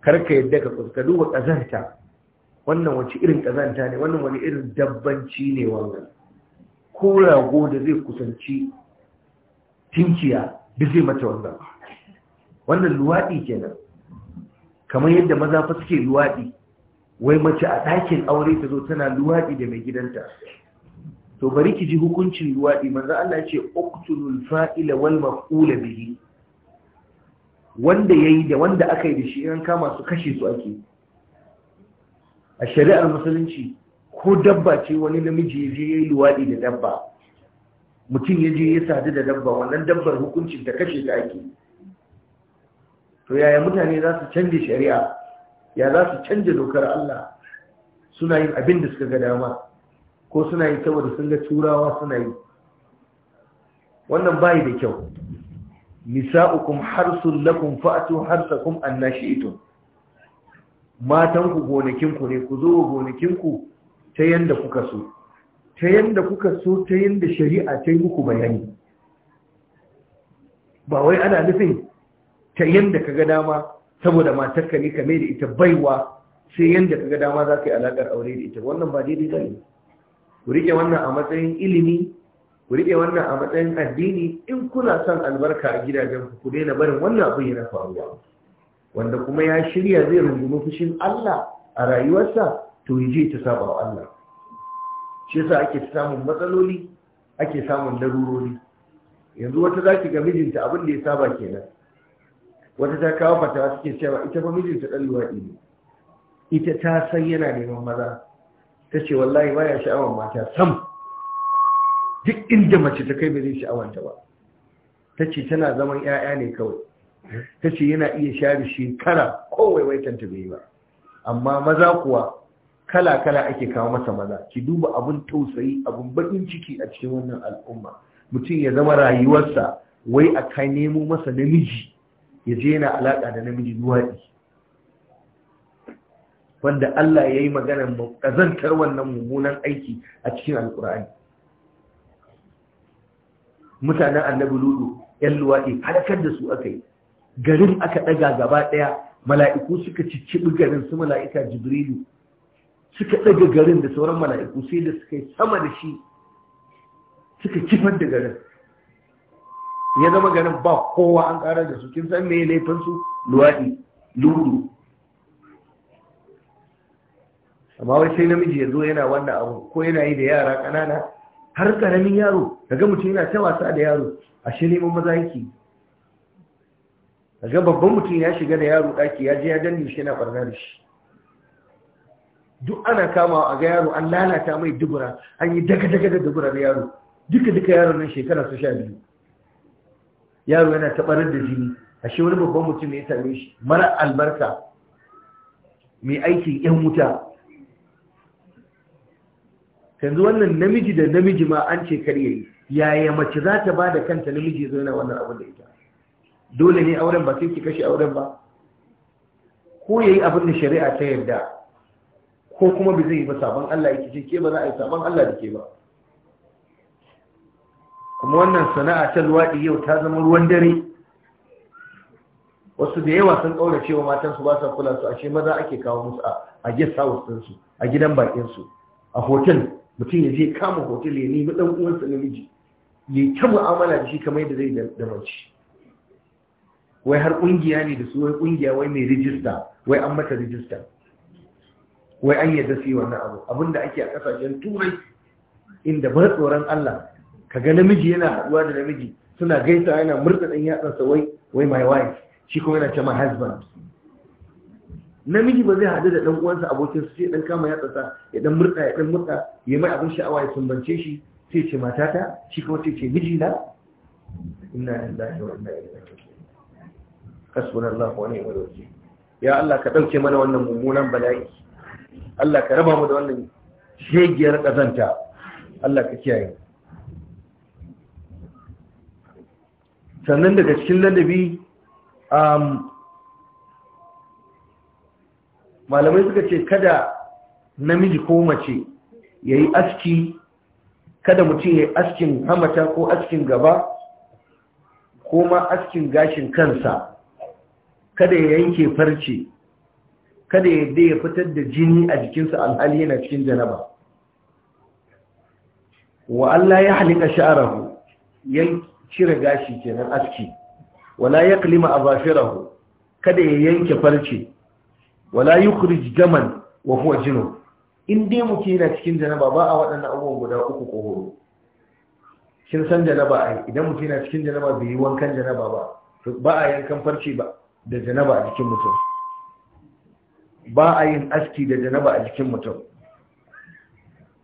karka yadda ka ka duba ƙazanta wannan wace irin ƙazanta ne wannan wani irin dabbanci ne wannan ko rago da zai kusanci tinkiya da zai mata wannan wannan luwaɗi kenan kamar yadda maza fa suke luwaɗi wai mace a ɗakin aure ta zo tana luwaɗi da mai gidanta to bari ki ji hukuncin luwaɗi manzo Allah ya ce uqtulul fa'ila wal maf'ula bihi wanda ya yi da wanda aka yi da shi yan kama su kashe su ake a shari'ar musulunci ko dabba ce wani namiji ya je ya yi luwaɗi da dabba mutum ya je ya sadu da dabba wannan dabbar hukuncin ta kashe ta ake to yaya mutane za su canje shari'a ya za su canje dokar Allah suna yin abin da suka ga dama ko suna yi saboda sun ga turawa suna yi wannan bayi da kyau nisa'ukum harsul lakum fa'tu harsakum annashi'tum matan ku gonakin ku ne ku zo gonakin ku ta yanda kuka so ta yanda kuka so ta yanda shari'a ta yi muku bayani ba wai ana nufin ta yanda kaga dama saboda matarka ne kame da ita baiwa sai yanda kaga dama za ka yi alaƙar aure da ita wannan ba daidai ba ne ku riƙe wannan a matsayin ilimi ku riƙe wannan a matsayin addini in kuna son albarka a gidajenku ku daina barin wannan abin yana faruwa wanda kuma ya shirya zai rungumi fushin Allah a rayuwarsa to yi ta saba wa Allah shi yasa ake samun matsaloli ake samun larurori yanzu wata za ga mijinta abin da ya saba kenan wata ta kawo fatawa suke cewa ita fa mijinta ɗan luwaɗi ne ita ta san yana neman maza ta ce wallahi baya sha'awar mata sam duk inda mace ta kai ba zai sha'awanta ba ta ce tana zaman 'ya'ya ne kawai ta ce yana iya share shekara kowai waitanta bai ba amma maza kuwa kala-kala ake kawo masa maza ki duba abin tausayi abin bakin ciki a cikin wannan al'umma mutum ya zama rayuwarsa wai a kai nemo masa namiji ya je yana alaƙa da namiji luwaɗi wanda Allah ya yi maganar ƙazantar wannan mummunan aiki a cikin alƙur'ani mutanen annabi ludu yan luwaɗi halakar da su aka yi garin aka ɗaga gaba ɗaya mala'iku suka cicciɓi garin su mala'ika jibrilu suka ɗaga garin da sauran mala'iku sai da suka yi sama da shi suka kifar da garin ya zama ganin ba kowa an ƙarar da su kin san me laifin su luwaɗi Ludu. amma wai sai namiji ya zo yana wannan abu ko yana yi da yara ƙanana har karamin yaro daga mutum yana ta wasa da yaro a shi neman maza yake daga babban mutum ya shiga da yaro ɗaki ya je ya danne shi yana barna da shi duk ana kama a ga yaro an lalata mai dubura an yi daga-daga da dubura da yaro duka-duka yaron nan shekara su sha biyu yaro yana taɓarar da jini a shi wani babban mutum ya same shi mara albarka mai aikin yan wuta yanzu wannan namiji da namiji ma an ce kar yayi yaya mace za ta ba da kanta namiji zai na wannan abin da ita dole ne auren ba sai ki kashe auren ba ko yayi abin da shari'a ta yarda ko kuma bai zai yi ba sabon Allah yake ce ke ba za a yi sabon Allah da ke ba kuma wannan sana'a ta luwaɗi yau ta zama ruwan dare wasu da yawa sun ƙaura cewa matansu ba sa kula su ashe maza ake kawo musu a a gidan bakinsu a hotel mutum ya je kama hotel ya nemi dan uwansa namiji ya ta mu'amala da shi kamar yadda zai da mace wai har ƙungiya ne da su wai kungiya wai mai rijista wai an mata rijista wai an yadda su yi wannan abu abinda ake a kasashen turai inda ba tsoron Allah ka ga namiji yana haɗuwa da namiji suna gaisa yana murɗa ɗan yatsansa wai wai my wife shi kuma yana ta my husband namiji ba zai haɗu da ɗan uwansa abokin su ce ɗan kama ya tsasa ya ɗan murɗa ya ɗan murɗa ya mai abin sha'awa ya sumbance shi sai ce matata shi kuma sai ce mijina inna lillahi wa inna ilaihi raji'un hasbunallahu wa ni'mal wakeel ya Allah ka ɗauke mana wannan mummunan bala'i Allah ka raba mu da wannan shegiyar ƙazanta Allah ka kiyaye sannan daga cikin ladabi um, malamai suka ce kada namiji ko mace ya yi aski kada mutum ya yi askin hamata ko askin gaba ko ma askin gashin kansa kada ya yanke farce kada ya yadda ya fitar da jini a jikinsa alhali yana cikin janaba wa Allah ya halika sha'arahu ya cire gashi kenan aski wala ya kalima a kada ya yanke farce wala yukhrij daman wa huwa junub in dai muke yana cikin janaba ba a waɗannan abubuwan guda uku ko horo kin san janaba ai idan muke yana cikin janaba bai yi wankan janaba ba ba a yankan farce ba da janaba a jikin mutum ba a yin aski da janaba a jikin mutum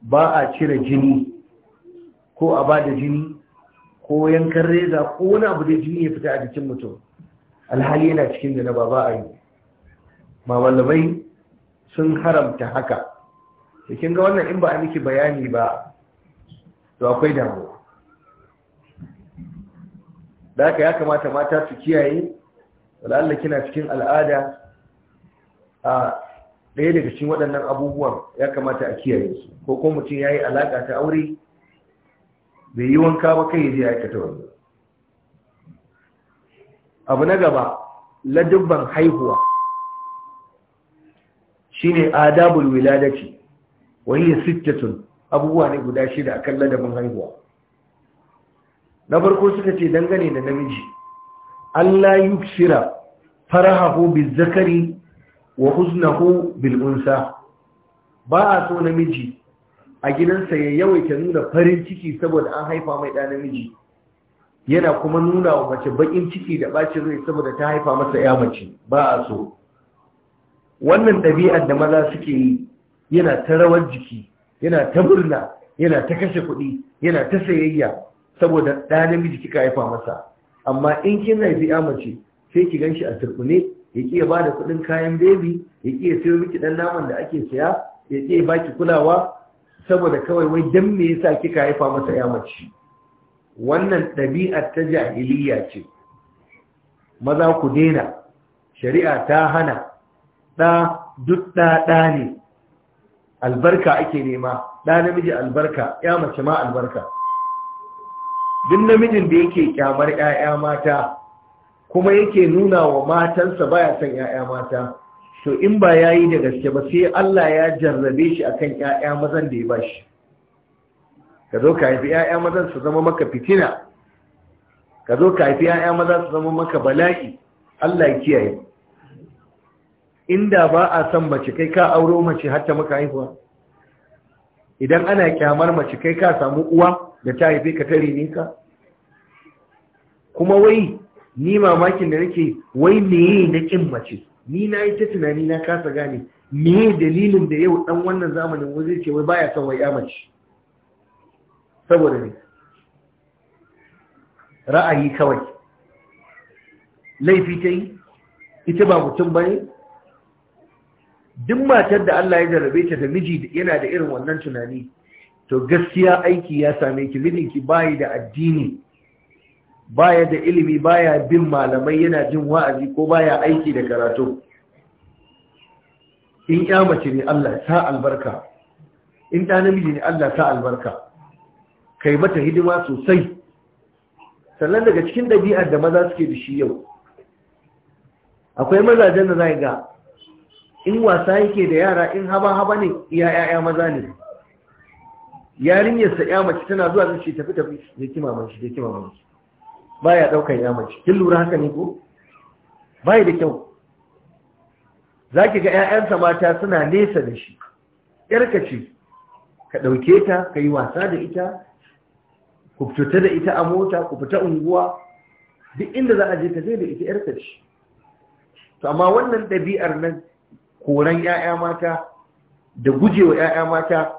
ba a cire jini ko a ba da jini ko yankan reza ko wani abu da jini ya fita a jikin mutum alhali yana cikin janaba ba a yi malamai sun haramta haka da kin ga wannan in ba a miki bayani ba to akwai damuwa da haka ya kamata mata su kiyaye wala'alla kina cikin al'ada a ɗaya daga cikin waɗannan abubuwan ya kamata a kiyaye su ko kuma mutum ya yi alaƙa ta aure bai yi wanka ba kai ya aikata wani abu na gaba ladubban haihuwa Shi ne adabul wiladati ya hiya sittatun abubuwa ne guda shida da mun haihuwa na farko suka ce dangane da namiji Allah yi yuksira farahahu Zakari wa huznahu bil unsa ba a so namiji a gidansa ya yawaita nuna farin ciki saboda an haifa mai ɗa namiji yana kuma nuna wa mace baƙin ciki da ɓacin rai saboda ta haifa masa ya mace ba a so wannan ɗabi'ar da maza suke yi yana ta rawar jiki yana ta murna yana ta kashe kuɗi yana ta sayayya saboda ɗa namiji kika haifa masa amma in kin haifi ya mace sai ki gan shi a turkune ya ƙi ba da kuɗin kayan bebi ya ƙi sayo miki ɗan naman da ake saya ya ƙi ya ki kulawa saboda kawai wai dan me yasa kika haifa masa ya mace wannan ɗabi'ar ta jahiliya ce maza ku daina shari'a ta hana ɗa duk ɗa ɗa ne albarka ake nema ɗa namiji albarka ya mace ma albarka duk namijin da yake kyamar 'ya'ya mata kuma yake nuna wa matansa baya son 'ya'ya mata to in ba ya yi da gaske ba sai Allah ya jarrabe shi akan 'ya'ya mazan da ya ba shi ka zo ka haifi 'ya'ya mazan su zama maka fitina ka zo ka haifi 'ya'ya mazan su zama maka bala'i Allah ya kiyaye inda ba a son mace kai ka auro mace har ta maka haihuwa idan ana kyamar mace kai ka samu uwa da ta haife ka tare ne ka kuma wai ni mamakin da nake wai meye na kin mace ni na yi ta tunani na kasa gane meye dalilin da yau dan wannan zamanin wani ce wai baya son wai ya mace saboda ne ra'ayi kawai laifi ta yi ita ba mutum ba ne. duk matar da Allah ya jarabe ta da miji yana da irin wannan tunani to gaskiya aiki ya same ki mijinki bayi da addini baya da ilimi baya bin malamai yana jin wa'azi ko baya aiki da karatu in ya mace ne Allah sa albarka in ta namiji ne Allah sa albarka kai mata hidima sosai sannan daga cikin ɗabi'ar da maza suke da shi yau akwai mazajen da zai ga in wasa yake da yara in haba haba ne iya yaya maza ne yarinyarsa ya mace tana zuwa zai ce tafi tafi da kima mace da kima mace ya daukan ya mace kin lura haka ne ko ya da kyau zaki ga 'ya'yansa mata suna nesa da shi yarka ce ka dauke ta ka yi wasa da ita ku fita da ita a mota ku fita unguwa duk inda za a je ka je da ita yarka ce to amma wannan ɗabi'ar nan koran 'ya'ya mata da gujewa 'ya'ya mata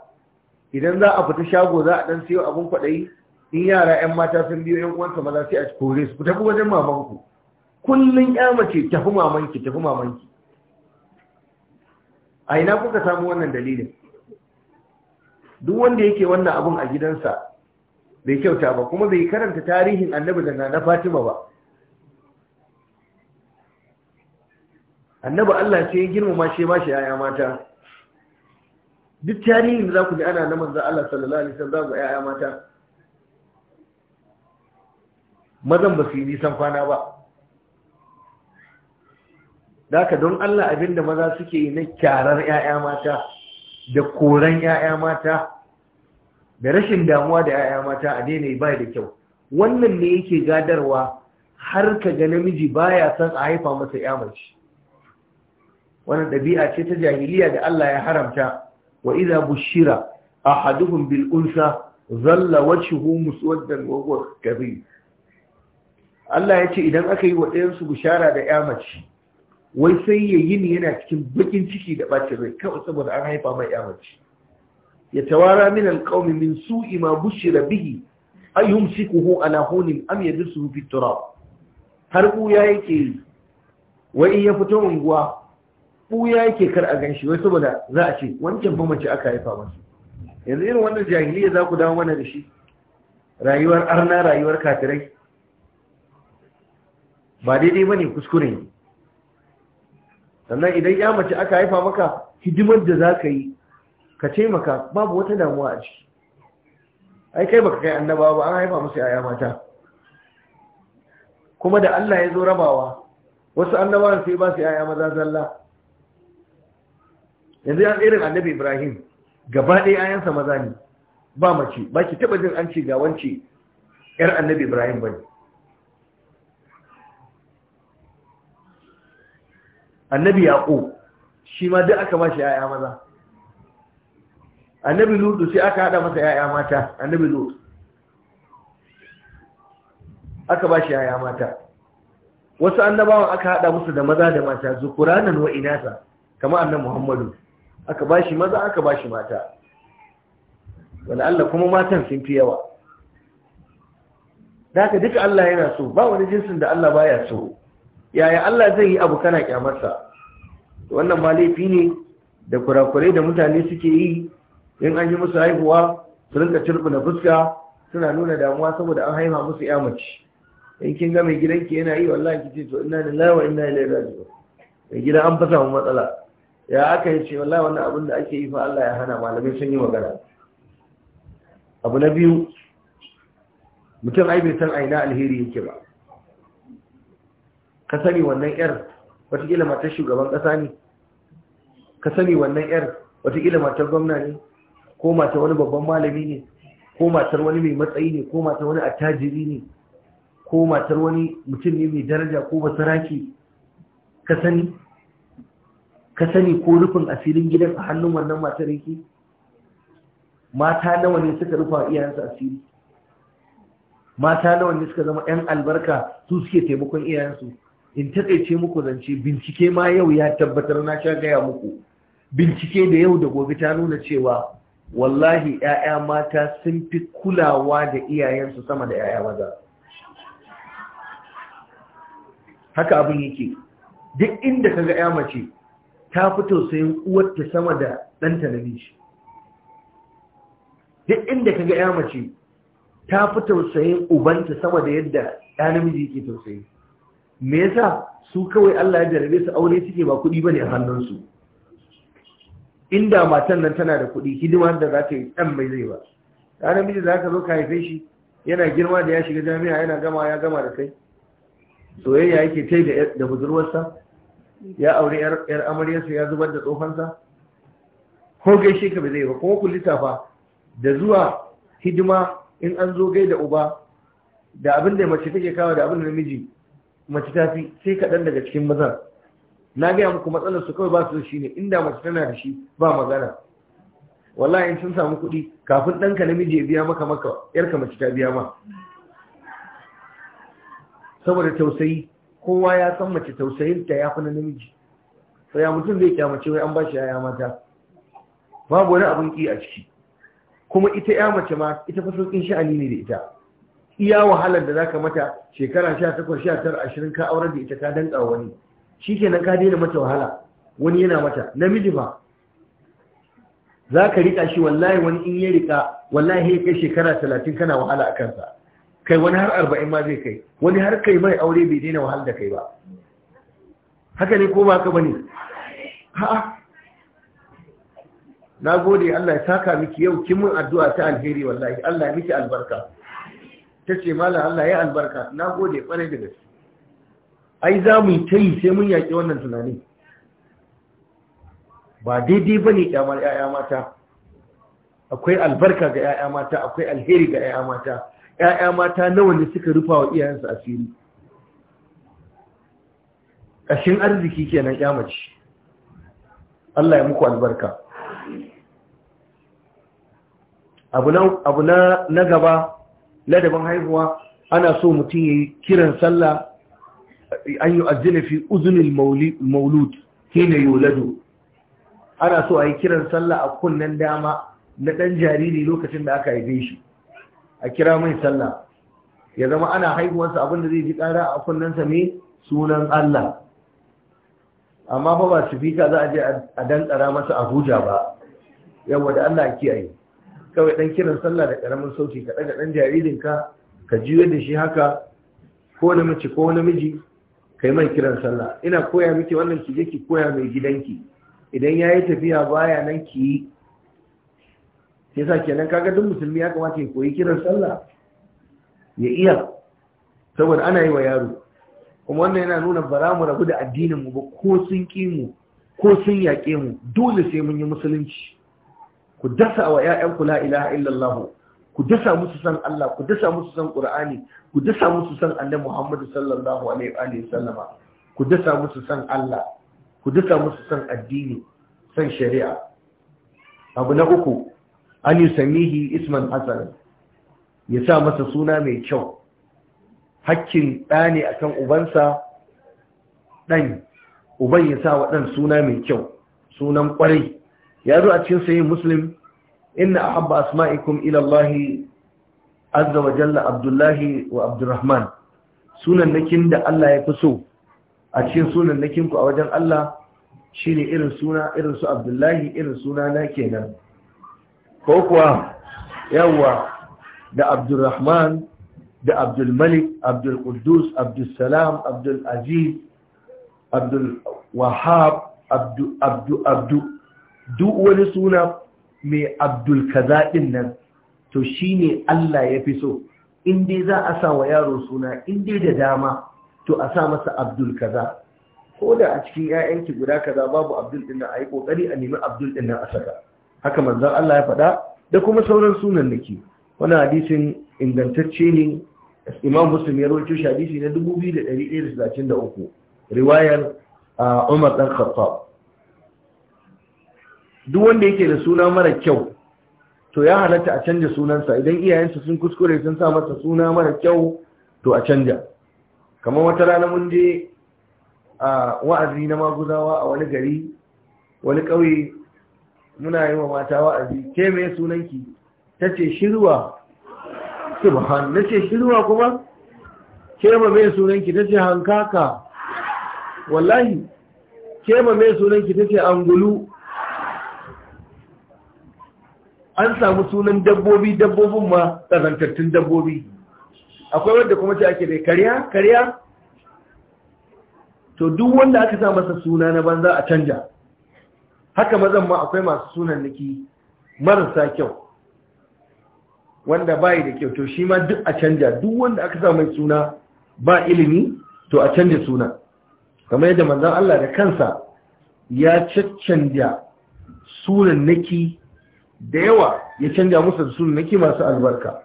idan za a fita shago za a ɗan siyo abin kwaɗayi in yara 'yan mata sun biyo 'yan uwansa maza yi a kore su ku tafi wajen mamanku kullum ya mace tafi mamanki tafi mamanki a ina kuka samu wannan dalilin duk wanda yake wannan abun a gidansa bai kyauta ba kuma bai karanta tarihin annabi da na Fatima ba annabi Allah ce ya girmama shi ma shi yaya mata duk tarihin da za ku ji ana na manzan Allah sallallahu alaihi wasallam za ku yaya mata mazan ba su yi nisan kwana ba da ka don Allah abinda maza suke yi na kyarar yaya mata da koran yaya mata da rashin damuwa da yaya mata a daina bai da kyau wannan ne yake gadarwa har ka ga namiji baya son a haifa masa ya mace wannan ɗabi'a ce ta jahiliya da Allah ya haramta wa idza bushira ahaduhum bil unsa zalla wajhuhu muswaddan wa huwa kadhib Allah ya ce idan aka yi wa ɗayansu bushara da ya mace wai sai ya ni yana cikin bakin ciki da bacin rai kawai saboda an haifa mai ya mace ya tawara min alqaumi min su'i ma bushira bihi ayumsikuhu ala hunin am yadsuhu fi turab har ku yake wai in ya fito unguwa ɓuya yake kar a ganshi wai saboda za a ce wancan ba mace aka haifa ba. yanzu irin wannan jahiliya za ku dawo mana da shi rayuwar arna rayuwar kafirai ba daidai ne kuskure ne sannan idan ya mace aka haifa maka hidimar da za ka yi ka taimaka babu wata damuwa a ciki ai kai baka kai annaba ba an haifa musu yaya mata kuma da Allah ya zo rabawa wasu annabawan sai ba su yaya maza zalla yanzu ya irin annabi ibrahim gaba ɗaya ayansa maza ne ba mace ba ki taɓa jin an ce ga wance ‘yar annabi ibrahim ba ne annabi yaƙo shi ma duk aka ba shi ‘ya'ya maza annabi lutu sai aka haɗa masa ‘ya'ya mata annabi lutu aka ba shi ‘ya'ya mata wasu annabawan aka haɗa musu da maza da mata zukuranan wa inasa kama annan muhammadu aka shi maza aka shi mata wani Allah kuma matan sun fi yawa da duk duka Allah yana so ba wani jinsin da Allah baya so yaya Allah zai yi abu kana kyamarsa wannan ba laifi ne da kurakurai da mutane suke yi in an yi musu haihuwa su rinka na fuska suna nuna damuwa saboda an haima musu ya mace in kin ga mai gidanki yana yi wallahi ce to inna lillahi wa inna ilaihi raji'un mai gida an fasa mu matsala ya aka yi ce wallahi wannan abin da ake yi fa Allah ya hana malamai sun yi magana abu na biyu mutum ai bai san aina alheri yake ba ka sani wannan yar watakila matar shugaban kasa ne ka sani wannan yar watakila matar gwamna ne ko matar wani babban malami ne ko matar wani mai matsayi ne ko matar wani attajiri ne ko matar wani mutum ne mai daraja ko basaraki ka sani ka sani ko rufin asirin gidan a hannun wannan matar yake mata nawa ne suka rufa iyayensu asiri mata nawa ne suka zama 'yan albarka su suke taimakon iyayensu in taƙaice muku zance bincike ma yau ya tabbatar na sha gaya muku bincike da yau da gobe ta nuna cewa wallahi 'ya'ya mata sun fi kulawa da iyayensu sama da 'ya'ya maza haka abin yake duk inda ka ga 'ya mace ta fi tausayin uwarta sama da ɗanta na shi duk inda ka ga ya mace ta fi tausayin ubanta sama da yadda ya namiji yake tausayi me yasa su kawai Allah ya jarabe su aure suke ba kuɗi bane a hannunsu inda matan nan tana da kuɗi hidima da za ta yi ɗan mai zai ba ɗa namiji za ka zo ka haife shi yana girma da ya shiga jami'a yana gama ya gama da kai soyayya yake tai da budurwarsa ya aure yar amaryarsa ya zubar da tsofansa ko gaishe ka ba zai ba kuma ku lissafa da zuwa hidima in an zo gai da uba da abin da mace take kawo da abin da namiji mace ta fi sai kaɗan daga cikin mazan na gaya muku matsalar su kawai ba su shi ne inda mace tana da shi ba magana wallahi in sun samu kuɗi kafin ɗanka namiji ya biya maka maka yarka mace ta biya ma saboda tausayi kowa ya san mace tausayinta ya fi na namiji sai ya mutum zai kyamace wai an ba shi yaya mata babu wani abin ki a ciki kuma ita ya mace ma ita fa sauƙin sha'ani ne da ita iya wahalar da zaka mata shekara 18 19 20 ka aurar da ita ka danka wani shi shikenan ka daina mata wahala wani yana mata namiji ba za ka rika shi wallahi wani in ya rika wallahi ya kai shekara talatin kana wahala a kansa kai wani har arba'in ma zai kai wani har kai mai aure bai daina wahal da kai ba haka ne ko ba ka bane ha'a na gode Allah ya saka miki yau kin mun addu'a ta alheri wallahi Allah ya miki albarka tace mallam Allah ya albarka na gode kwarai da gaske ai za mu yi sai mun yaki wannan tunani ba daidai bane kyamar 'ya'ya mata akwai albarka ga 'ya'ya mata akwai alheri ga 'ya'ya mata 'ya'ya mata nawa ne suka rufa wa iyayensu asiri ƙashin arziki kenan ƙyamaci. Allah ya muku albarka abu na gaba ladabin haihuwa ana so mutum ya yi kiran sallah an yi ajina fi uzunin maulud ke na yolado ana so a yi kiran sallah a kunnen dama na ɗan jariri lokacin da aka haife shi a kira mai sallah ya zama ana haihuwarsa abinda zai ji ƙara a kunnensa mai sunan Allah amma fa ba sifika za a je a dantsara masa Abuja ba yawa da Allah kiyaye kawai dan kiran sallah da karamin sauti ka ɗaga ɗan jaririnka ka ji da shi haka ko namiji ko namiji kai mai kiran sallah ina koya miki wannan ki je ki koya mai gidanki idan yayi tafiya baya nan ki yasa kenan kaga duk musulmi ya kamata ya koyi kiran sallah ya iya saboda ana yi wa yaro kuma wannan yana nuna bara mu rabu da addinin mu ba ko sun ki mu ko sun yaƙe mu dole sai mun yi musulunci ku dasa wa ku la ilaha illallah ku dasa musu san Allah ku dasa musu san Qur'ani ku dasa musu san Annabi Muhammad sallallahu alaihi wa alihi sallama ku dasa musu san Allah ku dasa musu san addini san shari'a abu na uku an samihi isman hasan ya sa masa suna mai kyau hakkin ɗa ne akan ubansa ɗan uban ya sa wa suna mai kyau sunan ƙwarai ya zo a cikin sayin muslim inna ahabba asma'ikum ila Allah azza wa jalla abdullahi wa abdurrahman sunan nakin da Allah ya fi so a cikin sunan nakin a wajen Allah shine irin suna irin su abdullahi irin suna na kenan ko kuwa yawwa da abdulrahman da abdulmalik abdulkudus abdulsalam abdulaziz abdulwahab abdu abdu duk wani suna mai abdulkaza ɗin nan to shine Allah ya fi so in za a sa wa yaro suna in da dama to a sa masa abdul kaza ko da a cikin 'ya'yanki guda kaza babu abdul ɗin nan a yi ƙoƙari a nemi abdul ɗin nan a saka haka manzon Allah ya faɗa da kuma sauran sunan nake wani hadisin ingantacce ne Imam Muslim ya rawaito shi hadisi na 2133 riwayar Umar dan Khattab duk wanda yake da suna mara kyau to ya halatta a canja sunansa idan iyayensa sun kuskure sun sa masa suna mara kyau to a canja kamar wata rana mun je a wa'azi na maguzawa a wani gari wani ƙauye muna yi wa mata wa'azi ke mai sunanki ta ce shirwa subhan na ce shirwa kuma ke ma mai sunanki ta ce hankaka wallahi ke ma mai sunanki ta ce angulu an samu sunan dabbobi dabbobin ma tsazantattun dabbobi akwai wadda kuma ce ake dai karya karya to duk wanda aka sa masa suna na banza a canja haka mazan ma akwai masu sunan niki marasa kyau wanda bai da kyau to shi ma duk a canja duk wanda aka sa mai suna ba ilimi to a canja suna kamar yadda manzon Allah da kansa ya caccanja sunan niki da yawa ya canja musu da sunan niki masu albarka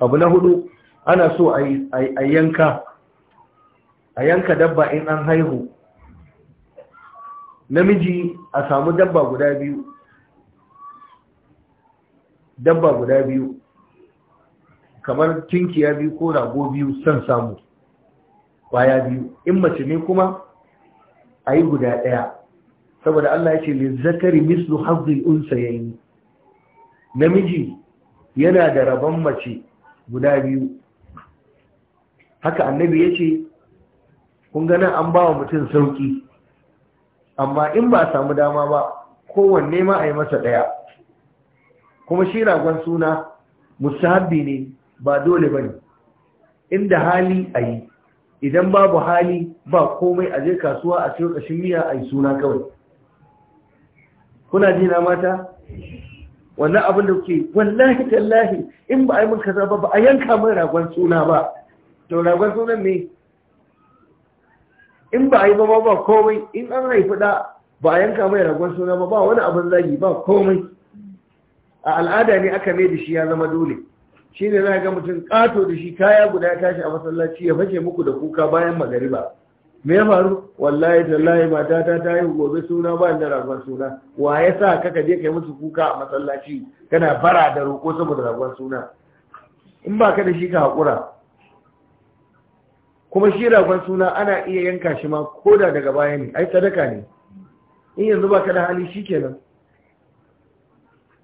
abu na hudu ana so a yanka a yanka dabba in an haihu namiji a samu dabba guda biyu dabba guda biyu kamar tinkiya biyu ko rago biyu son samu kwaya biyu in mace ne kuma a yi guda ɗaya saboda Allah ya ce ne zakari mislu hazzil unsa ya yi namiji yana da rabon mace guda biyu haka annabi ya ce kun gana an ba wa mutum sauki amma in ba a samu dama ba kowanne ma a yi masa ɗaya kuma shi ragon suna musahabi ne ba dole ba ne inda hali a yi idan babu hali ba komai a je kasuwa a siyo ƙashin miya a yi suna kawai kuna jina mata wannan abin da ke wallahi tallahi in ba a yi min kaza ba ba a yanka min ragon suna ba to ragon sunan ne in ba a yi ba ba komai in an haifi da ba a yanka mai ragon suna ba ba wani abin zagi ba komai a al'ada ne aka mai da shi ya zama dole shi ne za ga mutum kato da shi kaya guda ya tashi a masallaci ya fashe muku da kuka bayan ba. me ya faru wallahi tallahi mata ta ta yi gobe suna ba da ragon suna wa ya sa kaka je kai musu kuka a masallaci kana fara da roƙo saboda ragon suna in ba ka da shi ka haƙura kuma shi ragon suna ana iya yanka shi ma ko da daga baya ne ai sadaka ne in yanzu baka da hali shikenan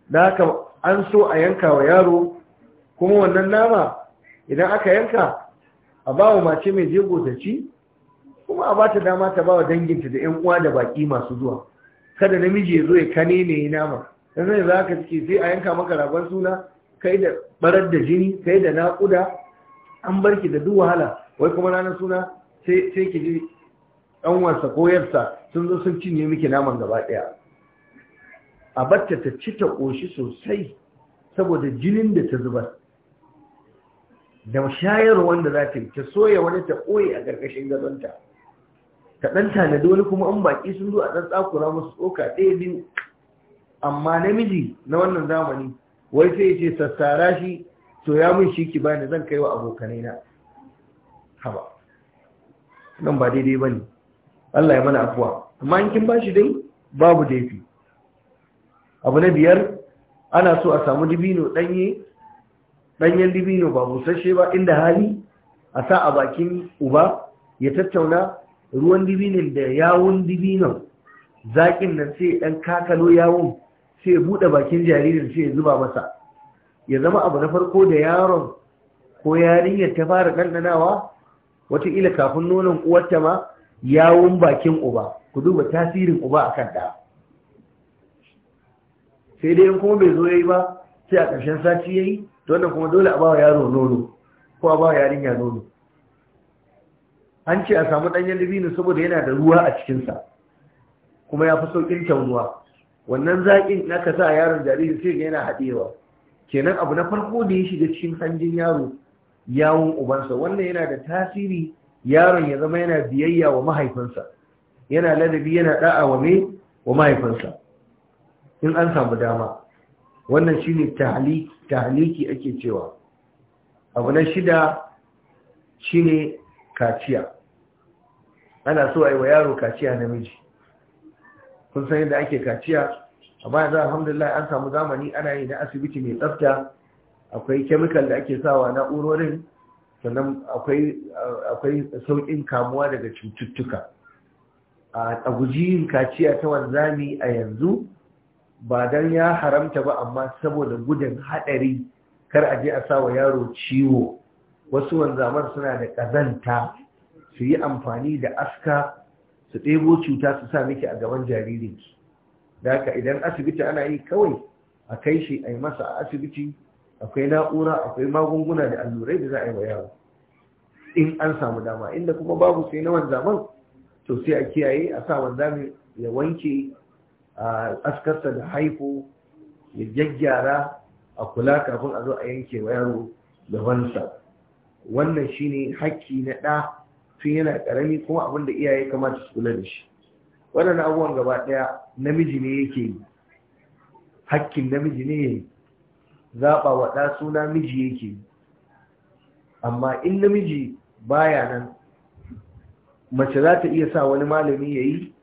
da haka an so a yanka wa yaro kuma wannan nama idan aka yanka a ba wa mace mai jego ta ci kuma a ba ta dama ta ba wa danginta da yan uwa da baki masu zuwa kada namiji ya zo ya kane ne ya nama zai za ka suke sai a yanka maka ragon suna kai da barar da jini kai da naƙuda an barki da duk wahala wai kuma ranar suna sai ki ji ɗan wasa ko sun zo sun cinye miki naman gaba ɗaya a batta ta ci ta ƙoshi sosai saboda jinin da ta zubar da shayar wanda za ta yi ta soya wani ta ɓoye a ƙarƙashin gazonta ta ɗan da wani kuma an baƙi sun zo a ɗan tsakura musu tsoka ɗaya biyu amma namiji na wannan zamani wai sai ya ce sassara shi to ya mun shi ki bani zan kai wa abokanai na haba nan ba daidai ba ne Allah ya mana afuwa amma in kin bashi dai babu daifi abu na biyar ana so a samu dibino danye danyen dibino ba busasshe ba inda hali a sa a bakin uba ya tattauna ruwan dibinin da yawun dibinon zaƙin nan sai ɗan kakalo yawun, sai buɗe bakin jaririn sai ya zuba masa ya zama abu na farko da yaron ko yarinyar ta fara ɗanɗanawa wataƙila kafin nonon uwarta ma yawon bakin uba ku duba tasirin uba akan ɗa sai dai in kuma bai zo yayi ba sai a ƙarshen sati yayi to wannan kuma dole a ba yaro nono ko a ba yarinya nono an ce a samu ɗanyen dabino saboda yana da ruwa a cikinsa kuma ya fi sauƙin taunuwa wannan zaƙin na ka sa yaron jariri sai yana haɗewa kenan abu na farko da ya shiga cikin hanjin yaro yawun ubansa wannan yana da tasiri yaron ya zama yana biyayya wa mahaifinsa yana ladabi yana da'a wa me wa mahaifinsa in an samu dama wannan shine tahliki tahliki ake cewa abu na shida shine kaciya ana so a wa yaro kaciya namiji kun san yadda ake kaciya amma yanzu alhamdulillah an samu zamani ana yi na asibiti mai tsafta akwai kemikal da ake sawa na'urorin sannan akwai sauƙin kamuwa daga cututtuka a guji yin kaciya ta wanzami a yanzu ba don ya haramta ba amma saboda gudun haɗari kar a je a sawa yaro ciwo wasu wanzamar suna da ƙazanta su yi amfani da aska su ɗebo cuta su sa miki a gaban jaririnki da haka idan asibiti ana yi kawai a kai shi a yi masa a asibiti akwai na'ura akwai magunguna da allurai da za a yi wa yaro in an samu dama inda kuma babu sai na wanzaman to sai a kiyaye a sa wanzamin ya wanke a askarsa da haihu, ya gyaggyara a kula kafin a zo a yanke wa yaro gabansa wannan shine hakki na ɗa tun yana ƙarami kuma abin da iyaye kamata su kula da shi waɗannan abubuwan gaba ɗaya namiji ne yake yi hakkin namiji ne zaɓa wa ɗa suna miji yake amma in namiji baya nan mace za ta iya sa wani malami ya yi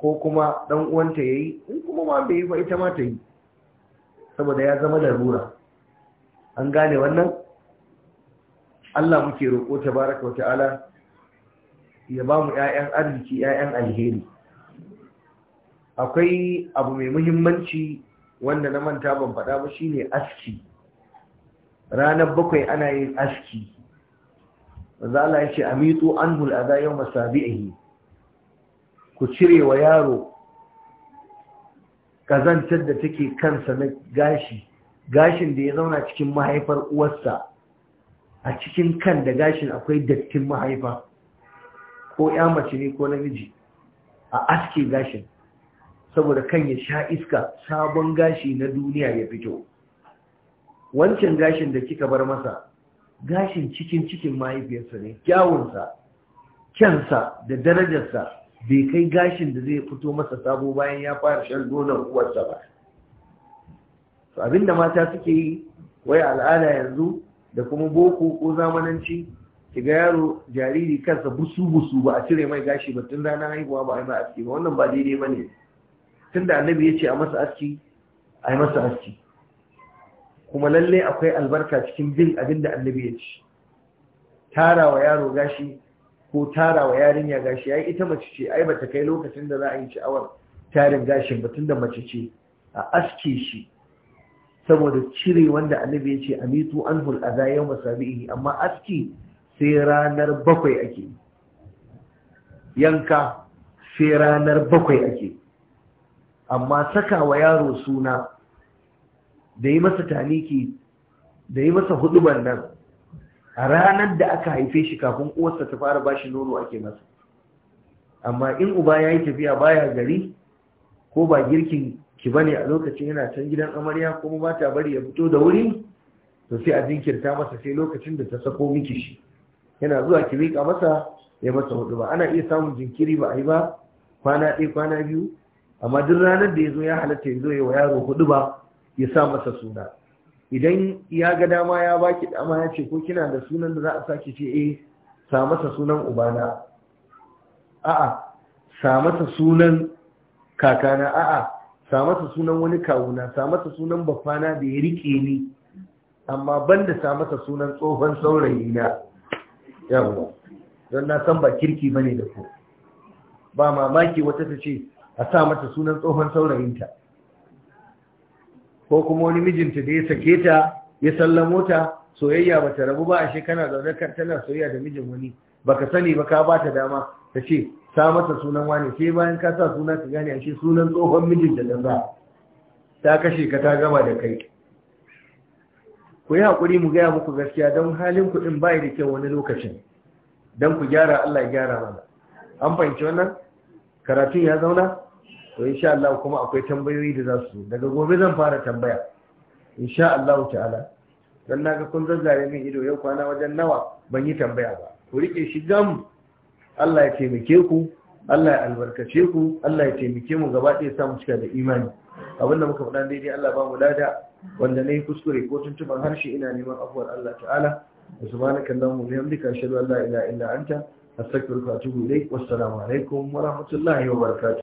ko kuma ɗan uwanta ya yi in kuma ma bai yi ba ita ma ta yi saboda ya zama larura an gane wannan Allah muke roƙo ta baraka wa ta'ala ya ba mu 'ya'yan arziki 'ya'yan alheri akwai abu mai muhimmanci wanda na manta ban faɗa ba shine aski ranar bakwai ana yin aski manzo Allah ya ce amitu anhul adha yawm sabihi ku cire wa yaro kazantar da take kansa na gashi gashin da ya zauna cikin mahaifar uwarsa a cikin kan da gashin akwai dattin mahaifa ko ya mace ne ko namiji a aske gashin saboda kan ya sha iska sabon gashi na duniya ya fito wancan gashin da kika bar masa gashin cikin cikin mahaifiyarsa ne kyawunsa kyansa da darajarsa bai kai gashin da zai fito masa sabo bayan ya fara shan nonon uwarsa ba abinda mata suke yi wai al'ada yanzu da kuma boko ko zamananci ki ga yaro jariri kansa busu busu ba a cire mai gashi ba tun ranar haihuwa ba a yi ba a ba wannan ba daidai ba ne tunda annabi ya ce a masa aski a yi masa aski kuma lalle akwai albarka cikin bin abin da annabi ya ce tara wa yaro gashi ko tara wa yarinya gashi yi ita mace ce ai bata kai lokacin da za a yi sha'awar tarin gashin ba tunda mace ce a aski shi saboda cire wanda annabi ya ce amitu anhul adha yawma amma aski sai ranar bakwai ake yanka sai ranar bakwai ake amma saka wa yaro suna da yi masa taniki da yi masa huduban nan a ranar da aka haife shi kafin uwarsa ta fara ba shi nono ake masa amma in uba ya yi tafiya baya gari ko ba girkin ki bane a lokacin yana can gidan amarya kuma ba ta bari ya fito da wuri to sai a jinkirta masa sai lokacin da ta sako miki shi yana zuwa ki rika masa ya masa hudu ba ana iya samun jinkiri ba a yi ba kwana ɗaya kwana biyu amma duk ranar da ya zo ya halatta ya zo ya wa yaro hudu ba ya sa masa suna idan ya ga dama ya baki dama ya ce ko kina da sunan da za a sake ce eh sa masa sunan ubana a'a sa masa sunan kakana a'a sa masa sunan wani kawuna sa masa sunan bafana da ya rike ni amma banda sa masa sunan tsohon saurayi na yawa don na san ba kirki bane da ku ba mamaki wata ta ce a sa mata sunan tsohon saurayinta ko kuma wani mijinta da ya sake ta ya sallamo ta soyayya ba ta rabu ba a shekana zaune tana soyayya da mijin wani ba ka sani ba ka ba ta dama ta ce sa mata sunan wani sai bayan ka sa suna ka gane ashe sunan tsohon mijinta da za ta kashe ka ta gama da kai ku yi haƙuri mu gaya muku gaskiya don halin kuɗin bayi da kyau wani lokacin don ku gyara Allah ya gyara mana an fahimci wannan karatun ya zauna to insha Allah kuma akwai tambayoyi da za su daga gobe zan fara tambaya insha Allah ta'ala dan naga kun zazzare min ido yau kwana wajen nawa ban yi tambaya ba ku rike shi gam Allah ya taimake ku Allah ya albarkace ku Allah ya taimake mu gaba ɗaya samu cika da imani abinda muka faɗa daidai Allah ba mu lada wanda nayi kuskure ko tuntuban harshe ina neman afuwar Allah ta'ala subhanaka allahumma wa bihamdika ashhadu an la ilaha illa anta astaghfiruka wa atubu ilaik wassalamu alaikum wa rahmatullahi wa barkatu.